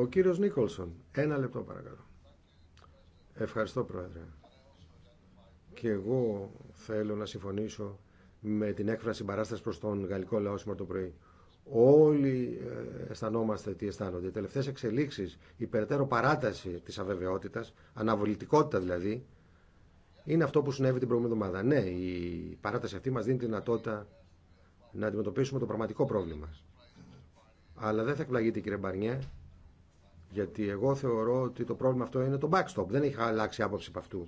Ο κύριος Νίκολσον. Ένα λεπτό παρακαλώ. Ευχαριστώ Πρόεδρε. Και εγώ θέλω να συμφωνήσω με την έκφραση παράσταση προς τον γαλλικό λαό σήμερα το πρωί. Όλοι ε, αισθανόμαστε τι αισθάνονται. Οι τελευταίες εξελίξεις, η περαιτέρω παράταση της αβεβαιότητας, αναβολητικότητα δηλαδή, είναι αυτό που συνέβη την προηγούμενη εβδομάδα. Ναι, η παράταση αυτή μας δίνει τη δυνατότητα να αντιμετωπίσουμε το πραγματικό πρόβλημα. Αλλά δεν θα εκπλαγείτε κύριε Μπαρνιέ γιατί εγώ θεωρώ ότι το πρόβλημα αυτό είναι το backstop. Δεν είχα αλλάξει άποψη από αυτού.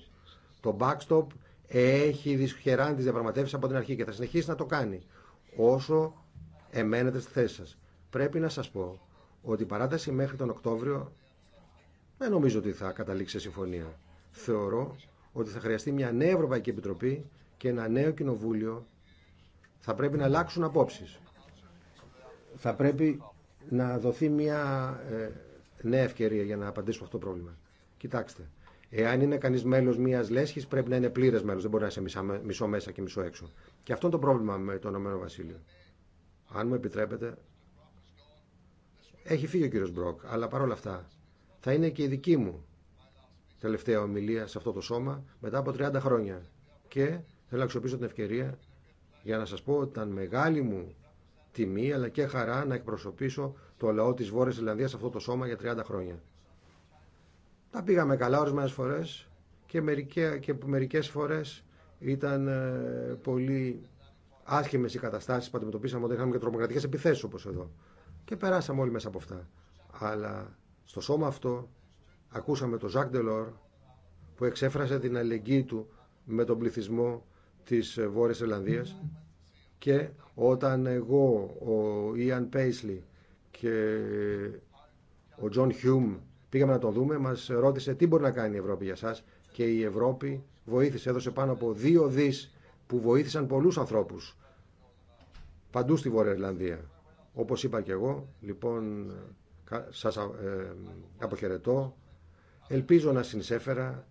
Το backstop έχει δυσχεράνει τι διαπραγματεύσει από την αρχή και θα συνεχίσει να το κάνει όσο εμένετε στη θέση σα. Πρέπει να σα πω ότι η παράταση μέχρι τον Οκτώβριο δεν νομίζω ότι θα καταλήξει σε συμφωνία. Θεωρώ ότι θα χρειαστεί μια νέα Ευρωπαϊκή Επιτροπή και ένα νέο Κοινοβούλιο. Θα πρέπει να αλλάξουν απόψει. Θα πρέπει να δοθεί μια ε, νέα ευκαιρία για να απαντήσω αυτό το πρόβλημα. Κοιτάξτε, εάν είναι κανεί μέλο μια λέσχη, πρέπει να είναι πλήρε μέλο. Δεν μπορεί να είσαι μισό μέσα και μισό έξω. Και αυτό είναι το πρόβλημα με το Ηνωμένο Βασίλειο. Αν μου επιτρέπετε. Έχει φύγει ο κύριο Μπροκ, αλλά παρόλα αυτά θα είναι και η δική μου τελευταία ομιλία σε αυτό το σώμα μετά από 30 χρόνια. Και θέλω να αξιοποιήσω την ευκαιρία για να σας πω ότι ήταν μεγάλη μου τιμή αλλά και χαρά να εκπροσωπήσω το λαό της Βόρειας σε αυτό το σώμα για 30 χρόνια. Τα πήγαμε καλά ορισμένε φορές και, μερικέ, και μερικές φορές ήταν ε, πολύ άσχημες οι καταστάσεις που αντιμετωπίσαμε όταν είχαμε και τρομοκρατικές επιθέσεις όπως εδώ. Και περάσαμε όλοι μέσα από αυτά. Αλλά στο σώμα αυτό ακούσαμε τον Ζακ Ντελόρ που εξέφρασε την αλληλεγγύη του με τον πληθυσμό της ε, Βόρειας Ιρλανδίας και όταν εγώ, ο Ιαν Πέισλι και ο Τζον Χιούμ πήγαμε να το δούμε, μας ρώτησε τι μπορεί να κάνει η Ευρώπη για σας και η Ευρώπη βοήθησε, έδωσε πάνω από δύο δις που βοήθησαν πολλούς ανθρώπους παντού στη Βόρεια Όπως είπα και εγώ, λοιπόν σας ε, αποχαιρετώ. Ελπίζω να συνεισέφερα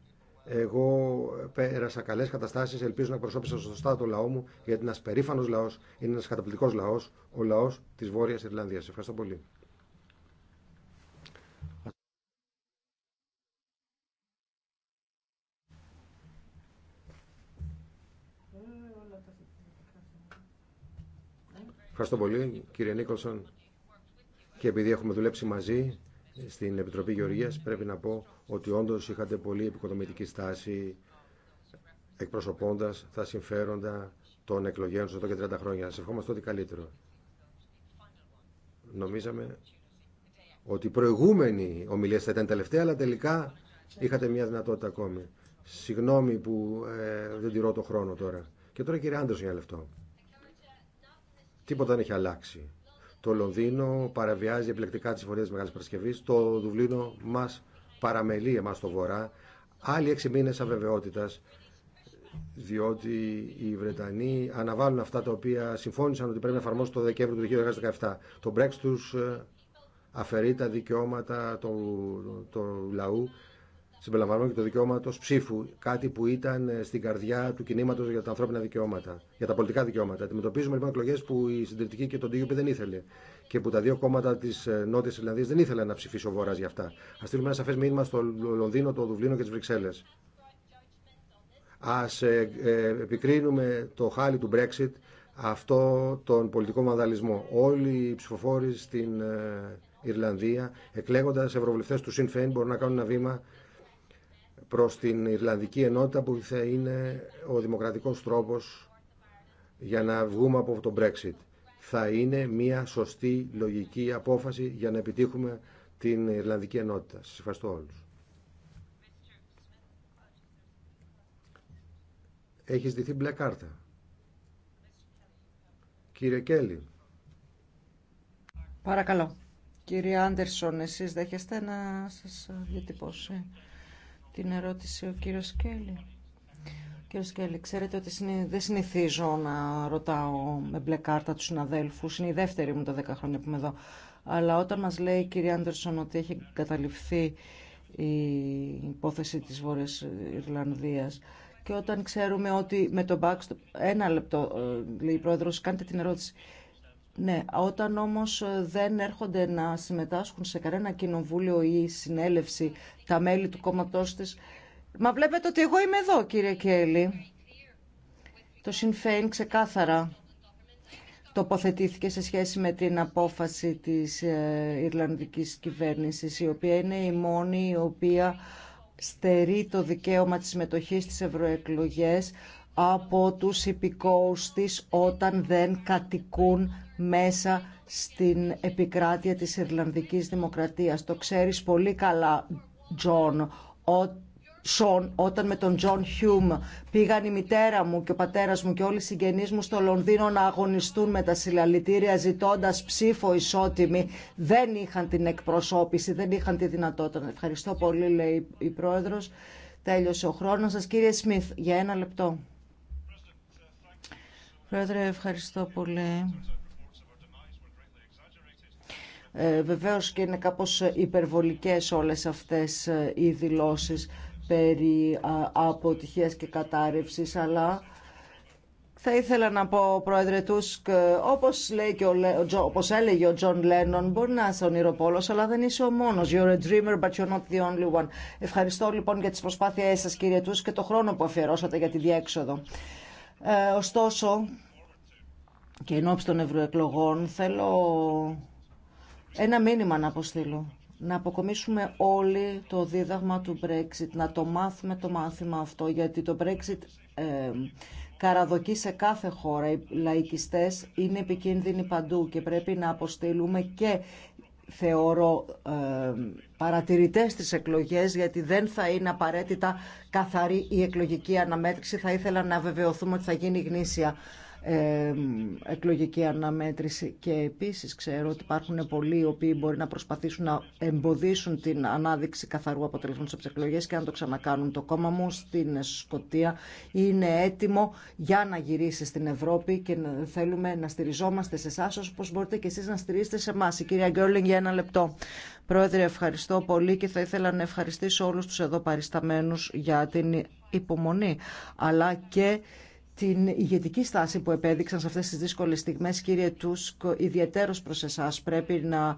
εγώ πέρασα καλέ καταστάσει, ελπίζω να προσώπησα σωστά το λαό μου, γιατί είναι ένα περήφανο λαό, είναι ένα καταπληκτικό λαό, ο λαό τη Βόρεια Ιρλανδία. Ευχαριστώ πολύ. Ευχαριστώ πολύ κύριε Νίκολσον και επειδή έχουμε δουλέψει μαζί στην Επιτροπή Γεωργίας πρέπει να πω ότι όντως είχατε πολύ επικοδομητική στάση εκπροσωπώντας τα συμφέροντα των εκλογέων σας εδώ και 30 χρόνια. Σε ευχόμαστε ό,τι καλύτερο. Νομίζαμε ότι η προηγούμενη ομιλία θα ήταν τελευταία, αλλά τελικά είχατε μια δυνατότητα ακόμη. Συγγνώμη που ε, δεν τηρώ το χρόνο τώρα. Και τώρα κύριε Άντερσον για λεπτό. Τίποτα δεν έχει αλλάξει το Λονδίνο παραβιάζει επιλεκτικά τι συμφωνίε τη Μεγάλη Παρασκευή. Το Δουβλίνο μα παραμελεί εμά στο βορρά. Άλλοι έξι μήνε αβεβαιότητας, διότι οι Βρετανοί αναβάλουν αυτά τα οποία συμφώνησαν ότι πρέπει να εφαρμόσουν το Δεκέμβριο του 2017. Το Brexit ε, αφαιρεί τα δικαιώματα του, του λαού συμπεριλαμβανόμενο και το δικαιώματο ψήφου, κάτι που ήταν ε, στην καρδιά του κινήματο για τα ανθρώπινα δικαιώματα, για τα πολιτικά δικαιώματα. Αντιμετωπίζουμε λοιπόν εκλογέ που η συντηρητική και τον DUP δεν ήθελε και που τα δύο κόμματα τη ε, Νότια Ιρλανδία δεν ήθελαν να ψηφίσει ο Βορρά για αυτά. Α στείλουμε ένα σαφέ μήνυμα στο Λονδίνο, το Δουβλίνο και τι Βρυξέλλε. Α ε, επικρίνουμε το χάλι του Brexit αυτό τον πολιτικό βανδαλισμό. Όλοι οι ψηφοφόροι στην Ιρλανδία, εκλέγοντα ευρωβουλευτέ του Sinn μπορούν να κάνουν ένα βήμα προς την Ιρλανδική ενότητα που θα είναι ο δημοκρατικός τρόπος για να βγούμε από το Brexit. Θα είναι μια σωστή λογική απόφαση για να επιτύχουμε την Ιρλανδική ενότητα. Σας ευχαριστώ όλους. Έχει ζητηθεί μπλε κάρτα. Κύριε Κέλλη. Παρακαλώ. Κύριε Άντερσον, εσείς δέχεστε να σας διατυπώσει την ερώτηση ο κύριος Κέλλη. Κύριε Σκέλη, ξέρετε ότι δεν συνηθίζω να ρωτάω με μπλε κάρτα του συναδέλφου. Είναι η δεύτερη μου τα δέκα χρόνια που είμαι εδώ. Αλλά όταν μας λέει η κυρία Άντερσον ότι έχει καταληφθεί η υπόθεση της Βόρειας Ιρλανδίας και όταν ξέρουμε ότι με το backstop... Ένα λεπτό, ε, λέει η Πρόεδρος, κάντε την ερώτηση. Ναι, όταν όμως ε, δεν έρχονται να συμμετάσχουν σε κανένα κοινοβούλιο ή συνέλευση τα μέλη του κόμματός της, μα βλέπετε ότι εγώ είμαι εδώ κύριε Κέλλη. Το Σινφέιν ξεκάθαρα τοποθετήθηκε σε σχέση με την απόφαση της ε, Ιρλανδικής κυβέρνησης, η οποία είναι η μόνη η οποία στερεί το δικαίωμα της συμμετοχής στις ευρωεκλογές από τους υπηκόους της όταν δεν κατοικούν μέσα στην επικράτεια της Ιρλανδικής Δημοκρατίας. Το ξέρεις πολύ καλά, Τζον, όταν με τον Τζον Χιούμ πήγαν η μητέρα μου και ο πατέρας μου και όλοι οι συγγενείς μου στο Λονδίνο να αγωνιστούν με τα συλλαλητήρια ζητώντας ψήφο ισότιμη, δεν είχαν την εκπροσώπηση, δεν είχαν τη δυνατότητα. Ευχαριστώ πολύ, λέει η Πρόεδρος. Τέλειωσε ο χρόνος σας. Κύριε Σμιθ, για ένα λεπτό. Πρόεδρε, ευχαριστώ πολύ. Ε, βεβαίως και είναι κάπως υπερβολικές όλες αυτές ε, οι δηλώσεις περί αποτυχίας και κατάρρευσης, αλλά θα ήθελα να πω, Πρόεδρε Τούσκ, όπως, λέει και ο, όπως έλεγε ο Τζον Λένον, μπορεί να είσαι ονειροπόλος, αλλά δεν είσαι ο μόνος. You're a dreamer, but you're not the only one. Ευχαριστώ λοιπόν για τις προσπάθειές σας, κύριε Τούσκ, και το χρόνο που αφιερώσατε για τη διέξοδο. Ε, ωστόσο, και ενώ των ευρωεκλογών, θέλω ένα μήνυμα να αποστείλω. Να αποκομίσουμε όλοι το δίδαγμα του Brexit, να το μάθουμε το μάθημα αυτό, γιατί το Brexit ε, καραδοκεί σε κάθε χώρα. Οι λαϊκιστές είναι επικίνδυνοι παντού και πρέπει να αποστείλουμε και θεωρώ ε, παρατηρητές στις εκλογές γιατί δεν θα είναι απαραίτητα καθαρή η εκλογική αναμέτρηση. Θα ήθελα να βεβαιωθούμε ότι θα γίνει γνήσια εκλογική αναμέτρηση και επίσης ξέρω ότι υπάρχουν πολλοί οι οποίοι μπορεί να προσπαθήσουν να εμποδίσουν την ανάδειξη καθαρού αποτελεσμού από τις εκλογές και αν το ξανακάνουν. Το κόμμα μου στην Σκοτία είναι έτοιμο για να γυρίσει στην Ευρώπη και θέλουμε να στηριζόμαστε σε εσά όπως μπορείτε και εσείς να στηρίζετε σε εμά. Η κυρία Γκέρλινγκ για ένα λεπτό. Πρόεδρε, ευχαριστώ πολύ και θα ήθελα να ευχαριστήσω όλους τους εδώ παρισταμένους για την υπομονή, αλλά και την ηγετική στάση που επέδειξαν σε αυτές τις δύσκολες στιγμές, κύριε Τούσκ, ιδιαίτερος προς εσάς πρέπει να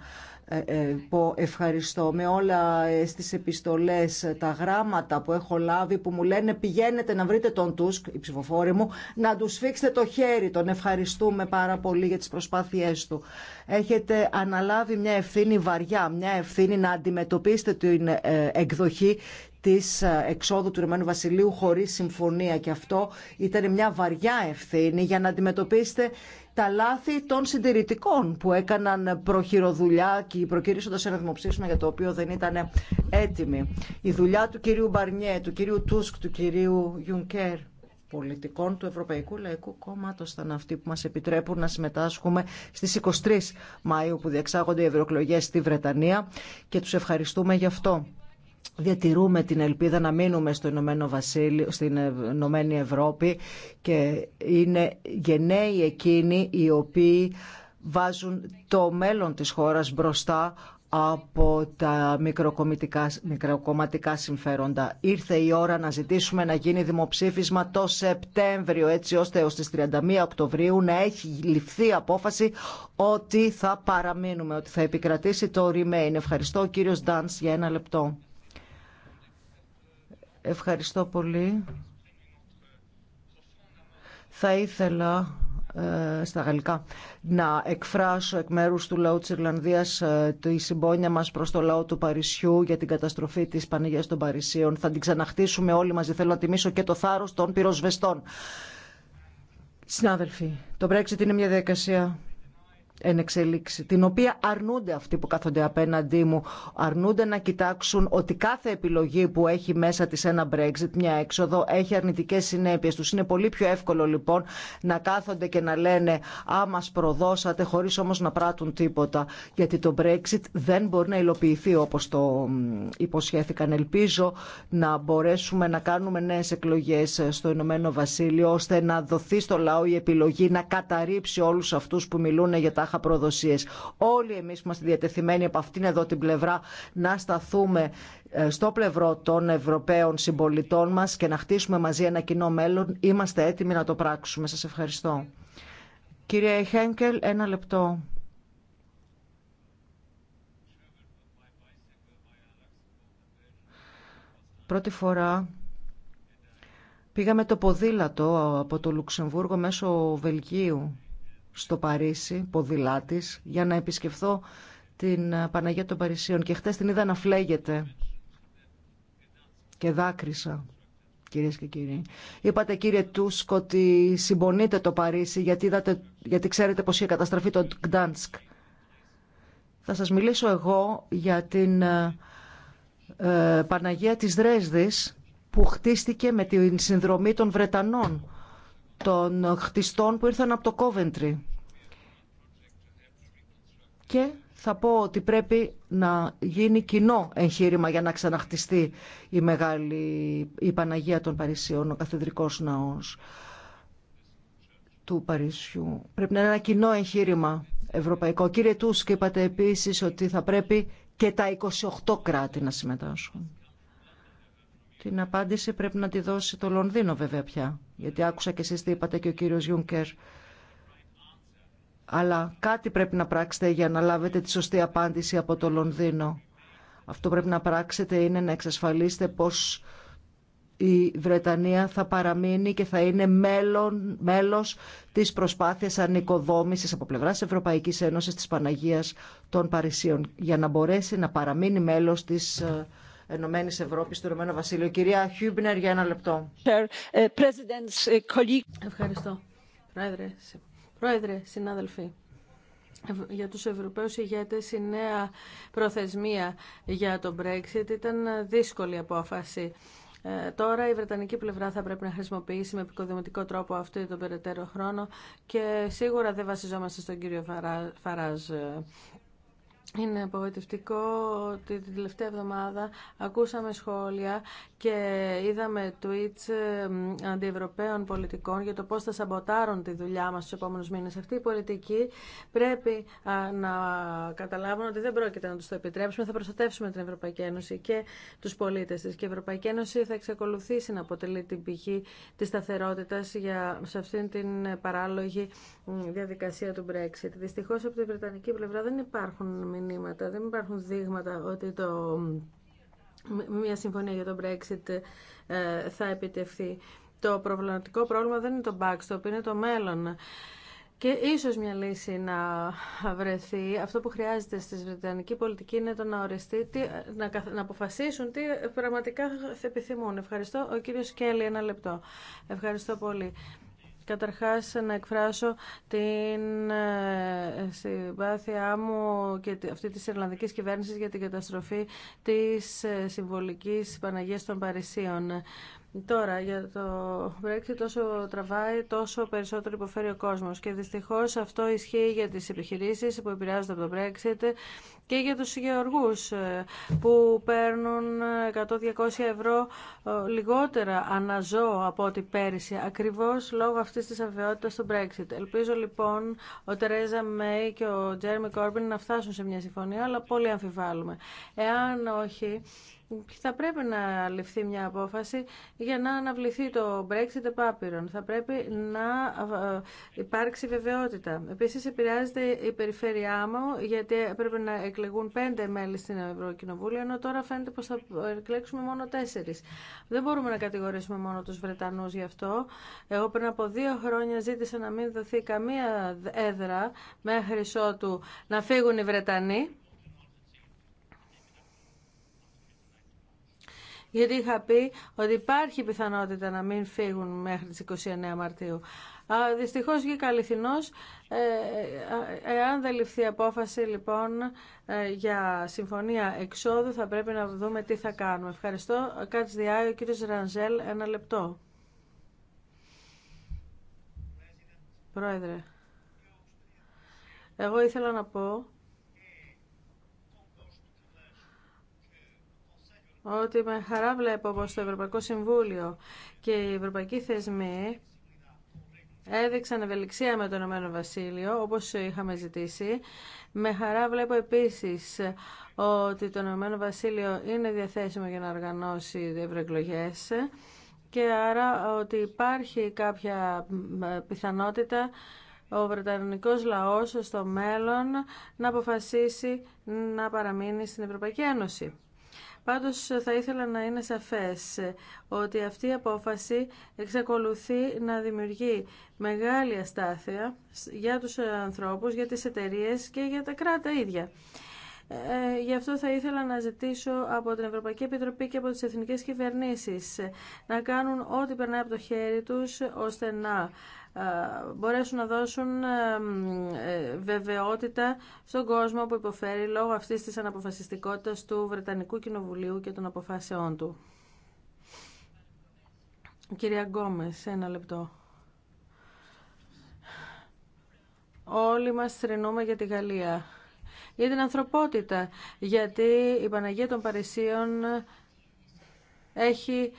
ε, ε, πω ευχαριστώ με όλα ε, στις επιστολές, τα γράμματα που έχω λάβει που μου λένε πηγαίνετε να βρείτε τον Τούσκ, η ψηφοφόρη μου, να του σφίξετε το χέρι. Τον ευχαριστούμε πάρα πολύ για τις προσπάθειές του. Έχετε αναλάβει μια ευθύνη βαριά, μια ευθύνη να αντιμετωπίσετε την εκδοχή της εξόδου του Ρημανού Βασιλείου χωρί συμφωνία. Και αυτό ήταν μια βαριά ευθύνη για να αντιμετωπίσετε τα λάθη των συντηρητικών που έκαναν προχειροδουλειά και προκυρήσοντα ένα δημοψήφισμα για το οποίο δεν ήταν έτοιμοι. Η δουλειά του κυρίου Μπαρνιέ, του κυρίου Τούσκ, του κυρίου Γιουνκέρ πολιτικών του Ευρωπαϊκού Λαϊκού Κόμματο ήταν αυτοί που μα επιτρέπουν να συμμετάσχουμε στι 23 Μαου που διεξάγονται οι ευρωεκλογέ στη Βρετανία και του ευχαριστούμε γι' αυτό διατηρούμε την ελπίδα να μείνουμε στο Ηνωμένο Βασίλειο, στην ε- Ηνωμένη Ευρώπη και είναι γενναίοι εκείνοι οι οποίοι βάζουν το μέλλον της χώρας μπροστά από τα μικροκομματικά συμφέροντα. Ήρθε η ώρα να ζητήσουμε να γίνει δημοψήφισμα το Σεπτέμβριο, έτσι ώστε έως τις 31 Οκτωβρίου να έχει ληφθεί απόφαση ότι θα παραμείνουμε, ότι θα επικρατήσει το Remain. Ευχαριστώ, κύριος Ντάνς, για ένα λεπτό. Ευχαριστώ πολύ. Θα ήθελα ε, στα γαλλικά, να εκφράσω εκ μέρους του λαού της Ιρλανδίας ε, τη συμπόνια μας προς το λαό του Παρισιού για την καταστροφή της Πανηγίας των Παρισίων. Θα την ξαναχτίσουμε όλοι μαζί. Θέλω να τιμήσω και το θάρρος των πυροσβεστών. Συνάδελφοι, το Brexit είναι μια διαδικασία εν εξελίξη, την οποία αρνούνται αυτοί που κάθονται απέναντί μου, αρνούνται να κοιτάξουν ότι κάθε επιλογή που έχει μέσα της ένα Brexit, μια έξοδο, έχει αρνητικές συνέπειες τους. Είναι πολύ πιο εύκολο λοιπόν να κάθονται και να λένε «Α, μας προδώσατε» χωρίς όμως να πράττουν τίποτα, γιατί το Brexit δεν μπορεί να υλοποιηθεί όπως το υποσχέθηκαν. Ελπίζω να μπορέσουμε να κάνουμε νέες εκλογές στο Ηνωμένο Βασίλειο, ώστε να δοθεί στο λαό η επιλογή να καταρρύψει όλους αυτούς που μιλούν για τα μονάχα Όλοι εμεί που είμαστε διατεθειμένοι από αυτήν εδώ την πλευρά να σταθούμε ε, στο πλευρό των Ευρωπαίων συμπολιτών μα και να χτίσουμε μαζί ένα κοινό μέλλον, είμαστε έτοιμοι να το πράξουμε. Σα ευχαριστώ. Κύριε Χένκελ, ένα λεπτό. Πρώτη φορά πήγαμε το ποδήλατο από το Λουξεμβούργο μέσω Βελγίου στο Παρίσι ποδηλάτης για να επισκεφθώ την ε, Παναγία των Παρισίων και χτες την είδα να φλέγεται και δάκρυσα κυρίες και κύριοι. Είπατε κύριε Τούσκ ότι συμπονείτε το Παρίσι γιατί, είδατε, γιατί ξέρετε πως είχε καταστραφεί το Γκτάνσκ. Θα σας μιλήσω εγώ για την ε, ε Παναγία της Δρέσδης που χτίστηκε με την συνδρομή των Βρετανών των χτιστών που ήρθαν από το Κόβεντρι. Και θα πω ότι πρέπει να γίνει κοινό εγχείρημα για να ξαναχτιστεί η μεγάλη η Παναγία των Παρισιών, ο καθεδρικός ναός του Παρισιού. Πρέπει να είναι ένα κοινό εγχείρημα ευρωπαϊκό. Κύριε Τούσκ, είπατε επίσης ότι θα πρέπει και τα 28 κράτη να συμμετάσχουν. Την απάντηση πρέπει να τη δώσει το Λονδίνο βέβαια πια γιατί άκουσα και εσείς τι είπατε και ο κύριος Γιούνκερ. Αλλά κάτι πρέπει να πράξετε για να λάβετε τη σωστή απάντηση από το Λονδίνο. Αυτό πρέπει να πράξετε είναι να εξασφαλίσετε πως η Βρετανία θα παραμείνει και θα είναι μέλον, μέλος της προσπάθειας ανοικοδόμησης από πλευράς Ευρωπαϊκής Ένωσης της Παναγίας των Παρισίων για να μπορέσει να παραμείνει μέλος της ε, Ενωμένης Ευρώπης του Ρωμένου Βασίλειο. Κυρία Χιούμπνερ, για ένα λεπτό. Uh, uh, Ευχαριστώ. Πρόεδρε, συνάδελφοι για τους Ευρωπαίους ηγέτες η νέα προθεσμία για το Brexit ήταν δύσκολη απόφαση. Ε, τώρα η Βρετανική πλευρά θα πρέπει να χρησιμοποιήσει με επικοδημητικό τρόπο αυτό τον περαιτέρω χρόνο και σίγουρα δεν βασιζόμαστε στον κύριο Φαράζ. Είναι απογοητευτικό ότι την τελευταία εβδομάδα ακούσαμε σχόλια και είδαμε tweets ε, αντιευρωπαίων πολιτικών για το πώς θα σαμποτάρουν τη δουλειά μας στους επόμενους μήνες. Αυτή η πολιτικοί πρέπει να καταλάβουν ότι δεν πρόκειται να τους το επιτρέψουμε. Θα προστατεύσουμε την Ευρωπαϊκή Ένωση και τους πολίτες της. Και η Ευρωπαϊκή Ένωση θα εξακολουθήσει να αποτελεί την πηγή της σταθερότητας για, σε αυτήν την παράλογη διαδικασία του Brexit. Δυστυχώς από την Βρετανική πλευρά δεν υπάρχουν δεν υπάρχουν δείγματα ότι το, μια συμφωνία για το Brexit ε, θα επιτευχθεί. Το προβληματικό πρόβλημα δεν είναι το backstop, είναι το μέλλον. Και ίσως μια λύση να βρεθεί. Αυτό που χρειάζεται στη βρετανική πολιτική είναι το να οριστεί, να αποφασίσουν τι πραγματικά θα επιθυμούν. Ευχαριστώ. Ο κύριος Σκέλη, ένα λεπτό. Ευχαριστώ πολύ. Καταρχάς να εκφράσω την ε, συμπάθειά μου και αυτή της Ιρλανδικής κυβέρνησης για την καταστροφή της ε, συμβολικής Παναγίας των Παρισίων. Τώρα, για το Brexit τόσο τραβάει, τόσο περισσότερο υποφέρει ο κόσμος και δυστυχώς αυτό ισχύει για τις επιχειρήσεις που επηρεάζονται από το Brexit και για τους γεωργούς ε, που παίρνουν 100-200 ευρώ ε, λιγότερα αναζώ από ό,τι πέρυσι, ακριβώς λόγω αυτής της αβεβαιότητας του Brexit. Ελπίζω λοιπόν ο Τερέζα Μέι και ο Τζέρμι Κόρμπιν να φτάσουν σε μια συμφωνία, αλλά πολύ αμφιβάλλουμε. Εάν όχι, θα πρέπει να ληφθεί μια απόφαση για να αναβληθεί το Brexit επάπειρον. Θα πρέπει να ε, υπάρξει βεβαιότητα. Επίση, επηρεάζεται η περιφέρειά μου γιατί πρέπει να εκλεγούν πέντε μέλη στην Ευρωκοινοβούλιο ενώ τώρα φαίνεται πως θα εκλέξουμε μόνο τέσσερι. Δεν μπορούμε να κατηγορήσουμε μόνο τους Βρετανούς γι' αυτό. Εγώ πριν από δύο χρόνια ζήτησα να μην δοθεί καμία έδρα μέχρι ότου να φύγουν οι Βρετανοί γιατί είχα πει ότι υπάρχει πιθανότητα να μην φύγουν μέχρι τις 29 Μαρτίου. Δυστυχώ βγήκα αληθινό. Ε, ε, εάν δεν ληφθεί απόφαση λοιπόν ε, για συμφωνία εξόδου, θα πρέπει να δούμε τι θα κάνουμε. Ευχαριστώ. Κάτσε διάει ο κύριο Ρανζέλ ένα λεπτό. Πρόεδρε, εγώ ήθελα να πω ότι με χαρά βλέπω πως το Ευρωπαϊκό Συμβούλιο και οι ευρωπαϊκοί θεσμοί έδειξαν ευελιξία με το Ηνωμένο Βασίλειο, όπως είχαμε ζητήσει. Με χαρά βλέπω επίσης ότι το Ηνωμένο Βασίλειο είναι διαθέσιμο για να οργανώσει ευρωεκλογέ και άρα ότι υπάρχει κάποια πιθανότητα ο Βρετανικός λαός στο μέλλον να αποφασίσει να παραμείνει στην Ευρωπαϊκή Ένωση. Πάντως θα ήθελα να είναι σαφές ότι αυτή η απόφαση εξακολουθεί να δημιουργεί μεγάλη αστάθεια για τους ανθρώπους, για τις εταιρείες και για τα κράτα ίδια. Ε, γι' αυτό θα ήθελα να ζητήσω από την Ευρωπαϊκή Επιτροπή και από τις εθνικές κυβερνήσεις να κάνουν ό,τι περνάει από το χέρι τους ώστε να ε, μπορέσουν να δώσουν ε, ε, βεβαιότητα στον κόσμο που υποφέρει λόγω αυτής της αναποφασιστικότητας του Βρετανικού Κοινοβουλίου και των αποφάσεών του. Κυρία Γκόμες, ένα λεπτό. Όλοι μας θρυνούμε για τη Γαλλία, για την ανθρωπότητα, γιατί η Παναγία των Παρισίων έχει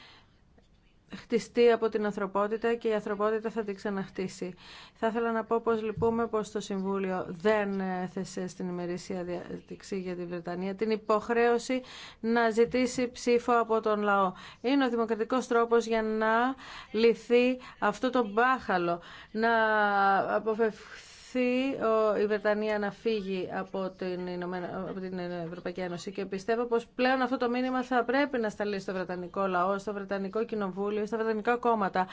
χτιστεί από την ανθρωπότητα και η ανθρωπότητα θα την ξαναχτίσει. Θα ήθελα να πω πως λυπούμε πως το Συμβούλιο δεν έθεσε στην ημερήσια της για τη Βρετανία την υποχρέωση να ζητήσει ψήφο από τον λαό. Είναι ο δημοκρατικός τρόπος για να λυθεί αυτό το μπάχαλο, να αποφευχθεί προσπαθεί η Βρετανία να φύγει από την, την Ευρωπαϊκή Ένωση και πιστεύω πως πλέον αυτό το μήνυμα θα πρέπει να σταλεί στο Βρετανικό λαό, στο Βρετανικό Κοινοβούλιο, στα Βρετανικά κόμματα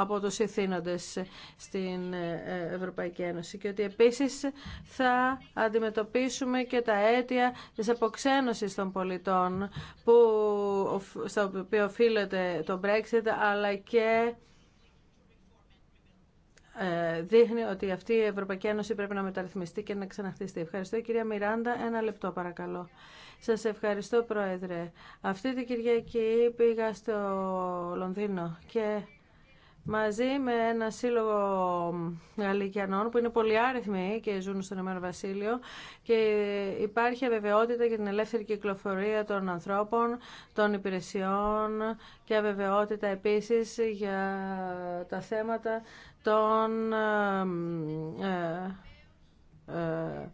από τους ηθήνοντες στην ε, Ευρωπαϊκή Ένωση και ότι επίσης θα αντιμετωπίσουμε και τα αίτια της αποξένωσης των πολιτών που, οποίο οποίο οφείλεται το Brexit αλλά και ε, δείχνει ότι αυτή η Ευρωπαϊκή Ένωση πρέπει να μεταρρυθμιστεί και να ξαναχτιστεί. Ευχαριστώ κυρία Μιράντα. Ένα λεπτό παρακαλώ. Σα ευχαριστώ Πρόεδρε. Αυτή την Κυριακή πήγα στο Λονδίνο και μαζί με ένα σύλλογο Γαλλικιανών που είναι πολύ άριθμοι και ζουν στον Ηνωμένο Βασίλειο και υπάρχει αβεβαιότητα για την ελεύθερη κυκλοφορία των ανθρώπων, των υπηρεσιών και αβεβαιότητα επίσης για τα θέματα των ε, ε, ε,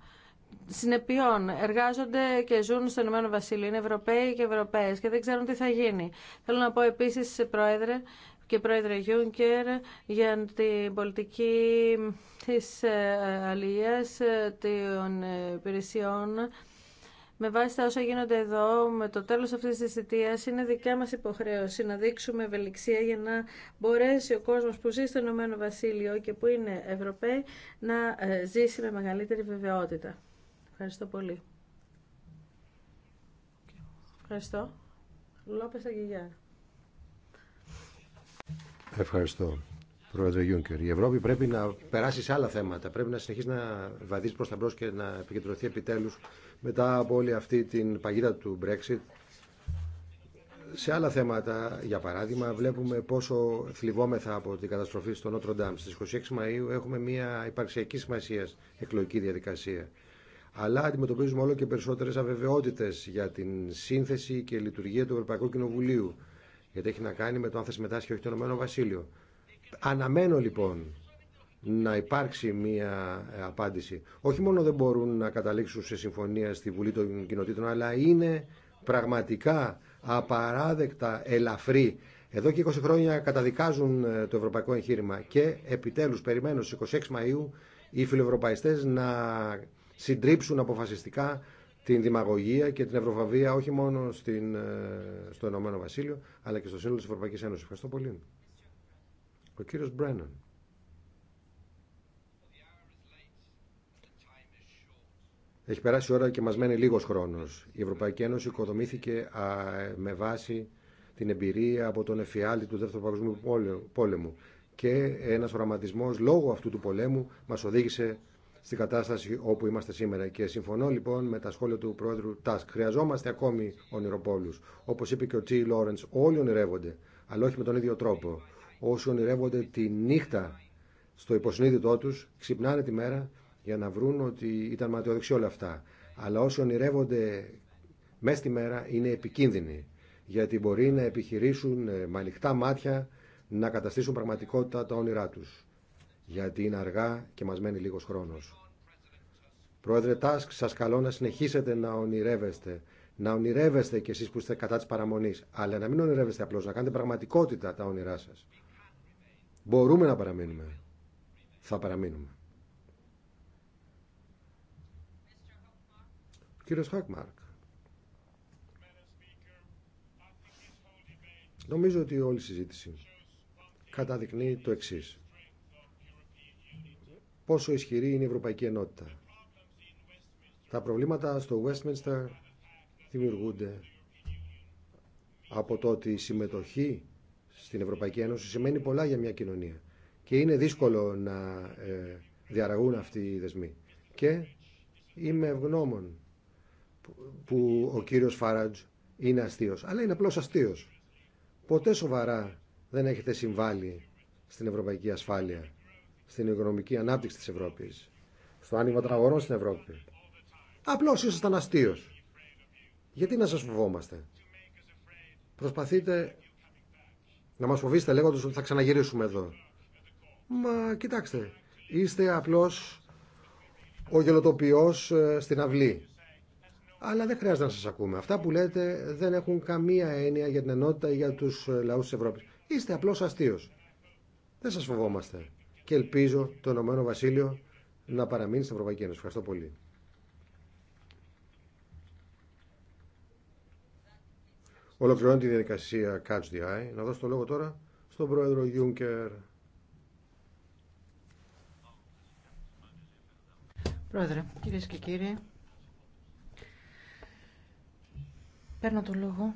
συνεπειών. Εργάζονται και ζουν στον Ηνωμένο Βασίλειο. Είναι Ευρωπαίοι και Ευρωπαίες και δεν ξέρουν τι θα γίνει. Θέλω να πω επίσης, Πρόεδρε, και πρόεδρε Γιούνκερ για την πολιτική της ε, αλλίας ε, των υπηρεσιών με βάση τα όσα γίνονται εδώ, με το τέλος αυτής της θητείας, είναι δικιά μας υποχρέωση να δείξουμε ευελιξία για να μπορέσει ο κόσμος που ζει στο Ηνωμένο Βασίλειο και που είναι Ευρωπαίοι να ε, ζήσει με μεγαλύτερη βεβαιότητα. Ευχαριστώ πολύ. Ευχαριστώ. Λόπες Ευχαριστώ. Πρόεδρε Γιούνκερ, η Ευρώπη πρέπει να περάσει σε άλλα θέματα. Πρέπει να συνεχίσει να βαδίζει προ τα μπρο και να επικεντρωθεί επιτέλου μετά από όλη αυτή την παγίδα του Brexit σε άλλα θέματα, για παράδειγμα, βλέπουμε πόσο θλιβόμεθα από την καταστροφή στο Νότρο Ντάμ. Στις 26 Μαου έχουμε μια υπαρξιακή σημασία εκλογική διαδικασία. Αλλά αντιμετωπίζουμε όλο και περισσότερε αβεβαιότητε για την σύνθεση και λειτουργία του Ευρωπαϊκού Κοινοβουλίου γιατί έχει να κάνει με το αν θα συμμετάσχει όχι το Ηνωμένο Βασίλειο. Αναμένω λοιπόν να υπάρξει μία ε, απάντηση. Όχι μόνο δεν μπορούν να καταλήξουν σε συμφωνία στη Βουλή των Κοινοτήτων, αλλά είναι πραγματικά απαράδεκτα ελαφρύ. Εδώ και 20 χρόνια καταδικάζουν ε, το ευρωπαϊκό εγχείρημα και επιτέλους περιμένω στις 26 Μαΐου οι φιλοευρωπαϊστές να συντρίψουν αποφασιστικά την δημαγωγία και την ευρωφαβία όχι μόνο στην, ε, στο Ηνωμένο Βασίλειο αλλά και στο σύνολο της Ευρωπαϊκής Ένωσης. Ευχαριστώ πολύ. Ο κύριος Μπρέναν. Έχει περάσει ώρα και μας μένει λίγος χρόνος. Η Ευρωπαϊκή Ένωση οικοδομήθηκε με βάση την εμπειρία από τον εφιάλτη του Δεύτερου Παγκοσμίου Πόλεμου και ένας οραματισμός λόγω αυτού του πολέμου μας οδήγησε στην κατάσταση όπου είμαστε σήμερα. Και συμφωνώ λοιπόν με τα σχόλια του Πρόεδρου Τάσκ. Χρειαζόμαστε ακόμη ονειροπόλου. Όπω είπε και ο Τζι Λόρεν, όλοι ονειρεύονται, αλλά όχι με τον ίδιο τρόπο. Όσοι ονειρεύονται τη νύχτα στο υποσυνείδητό του, ξυπνάνε τη μέρα για να βρουν ότι ήταν ματαιοδεξί όλα αυτά. Αλλά όσοι ονειρεύονται μέσα στη μέρα είναι επικίνδυνοι, γιατί μπορεί να επιχειρήσουν ε, με ανοιχτά μάτια να καταστήσουν πραγματικότητα τα όνειρά τους γιατί είναι αργά και μας μένει λίγος χρόνος. Πρόεδρε Τάσκ, σας καλώ να συνεχίσετε να ονειρεύεστε. Να ονειρεύεστε κι εσείς που είστε κατά της παραμονής, αλλά να μην ονειρεύεστε απλώς, να κάνετε πραγματικότητα τα όνειρά σας. Μπορούμε να παραμείνουμε. Θα παραμείνουμε. κύριος Χακμάρκ. Νομίζω ότι όλη η συζήτηση καταδεικνύει το εξής πόσο ισχυρή είναι η Ευρωπαϊκή Ενότητα. Τα προβλήματα στο Westminster δημιουργούνται από το ότι η συμμετοχή στην Ευρωπαϊκή Ένωση σημαίνει πολλά για μια κοινωνία και είναι δύσκολο να ε, διαραγούν αυτοί οι δεσμοί. Και είμαι ευγνώμων που ο κύριος Φάρατζ είναι αστείος, αλλά είναι απλώς αστείος. Ποτέ σοβαρά δεν έχετε συμβάλει στην ευρωπαϊκή ασφάλεια στην οικονομική ανάπτυξη της Ευρώπης, στο άνοιγμα των αγορών στην Ευρώπη. Απλώς ήσασταν αστείος. Γιατί να σας φοβόμαστε. Προσπαθείτε να μας φοβήσετε λέγοντας ότι θα ξαναγυρίσουμε εδώ. Μα κοιτάξτε, είστε απλώς ο γελοτοποιός ε, στην αυλή. Αλλά δεν χρειάζεται να σας ακούμε. Αυτά που λέτε δεν έχουν καμία έννοια για την ενότητα ή για τους ε, λαούς της Ευρώπης. Είστε απλώς αστείος. Δεν σας φοβόμαστε και ελπίζω το Ηνωμένο Βασίλειο να παραμείνει στην Ευρωπαϊκή Ένωση. Ευχαριστώ πολύ. Ολοκληρώνει τη διαδικασία Catch the Eye. Να δώσω το λόγο τώρα στον πρόεδρο Γιούνκερ. Πρόεδρε, κυρίες και κύριοι, παίρνω το λόγο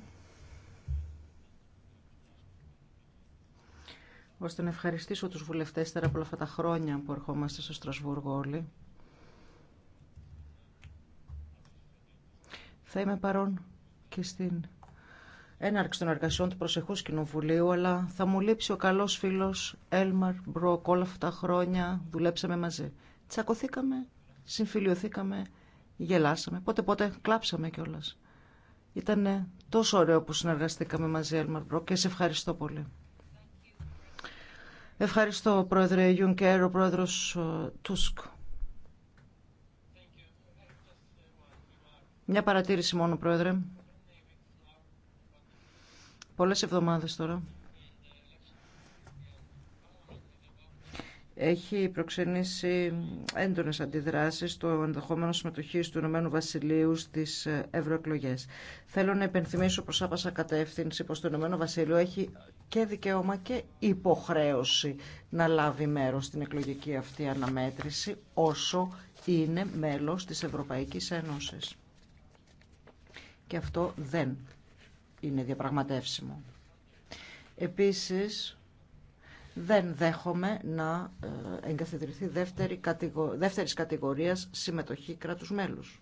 ώστε να ευχαριστήσω τους βουλευτές τώρα από αυτά τα χρόνια που ερχόμαστε στο Στρασβούργο όλοι. Θα είμαι παρόν και στην έναρξη των εργασιών του Προσεχούς Κοινοβουλίου, αλλά θα μου λείψει ο καλός φίλος Έλμαρ Μπροκ όλα αυτά τα χρόνια, δουλέψαμε μαζί. Τσακωθήκαμε, συμφιλιωθήκαμε, γελάσαμε, πότε πότε κλάψαμε κιόλας. Ήταν τόσο ωραίο που συνεργαστήκαμε μαζί, Έλμαρ Μπροκ, και σε ευχαριστώ πολύ. Ευχαριστώ, Πρόεδρε Γιουνκέρ, ο Πρόεδρος Τούσκ. Μια παρατήρηση μόνο, Πρόεδρε. Πολλές εβδομάδες τώρα. έχει προξενήσει έντονες αντιδράσεις στο ενδεχόμενο συμμετοχή του Ηνωμένου Βασιλείου στις ευρωεκλογέ. Θέλω να υπενθυμίσω προς άπασα κατεύθυνση πως το Ηνωμένο Βασίλειο έχει και δικαίωμα και υποχρέωση να λάβει μέρος στην εκλογική αυτή αναμέτρηση όσο είναι μέλος της Ευρωπαϊκής Ένωσης. Και αυτό δεν είναι διαπραγματεύσιμο. Επίσης, δεν δέχομαι να ε, εγκαθιδρυθεί δεύτερη κατηγο... δεύτερης κατηγορίας συμμετοχή κράτους μέλους.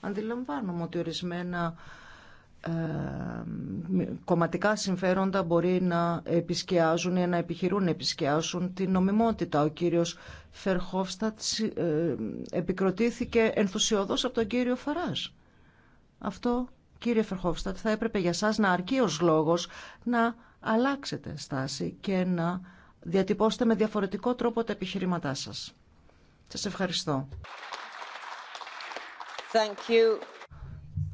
Αντιλαμβάνομαι ότι ορισμένα ε, κομματικά συμφέροντα μπορεί να επισκιάζουν ή να επιχειρούν να επισκιάσουν την νομιμότητα. Ο κύριος Φερχόφστατ ε, επικροτήθηκε ενθουσιοδός από τον κύριο Φαράς. Αυτό, κύριε Φερχόφστατ, θα έπρεπε για σας να αρκεί ως λόγος να αλλάξετε στάση και να διατυπώσετε με διαφορετικό τρόπο τα επιχειρήματά σας. Σας ευχαριστώ. Thank you.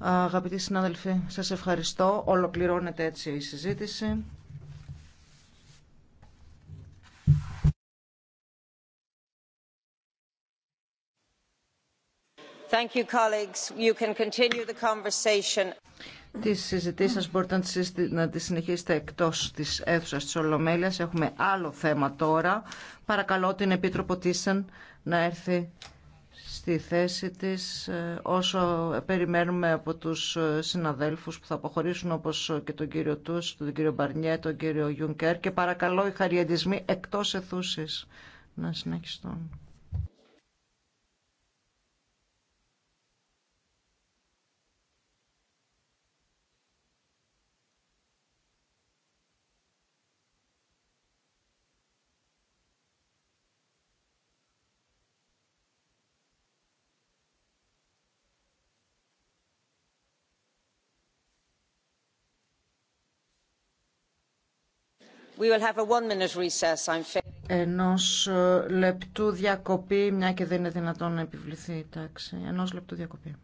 Αγαπητοί συνάδελφοι, σας ευχαριστώ. Ολοκληρώνεται έτσι η συζήτηση. Thank you, colleagues. You can continue the conversation συζητή σα μπορείτε να τις συνεχίσετε εκτό της αίθουσα τη ολομέλεια. Έχουμε άλλο θέμα τώρα. Παρακαλώ την Επίτροπο Τίσεν να έρθει στη θέση της ε, όσο περιμένουμε από τους ε, συναδέλφους που θα αποχωρήσουν όπως και τον κύριο Τούς, τον κύριο Μπαρνιέ, τον κύριο Γιουνκέρ και παρακαλώ οι χαριαντισμοί εκτός αιθούσης να συνεχιστούν. We Ενός ε, λεπτού διακοπή, μια και δεν είναι δυνατόν να επιβληθεί η τάξη. Ενός λεπτού διακοπή.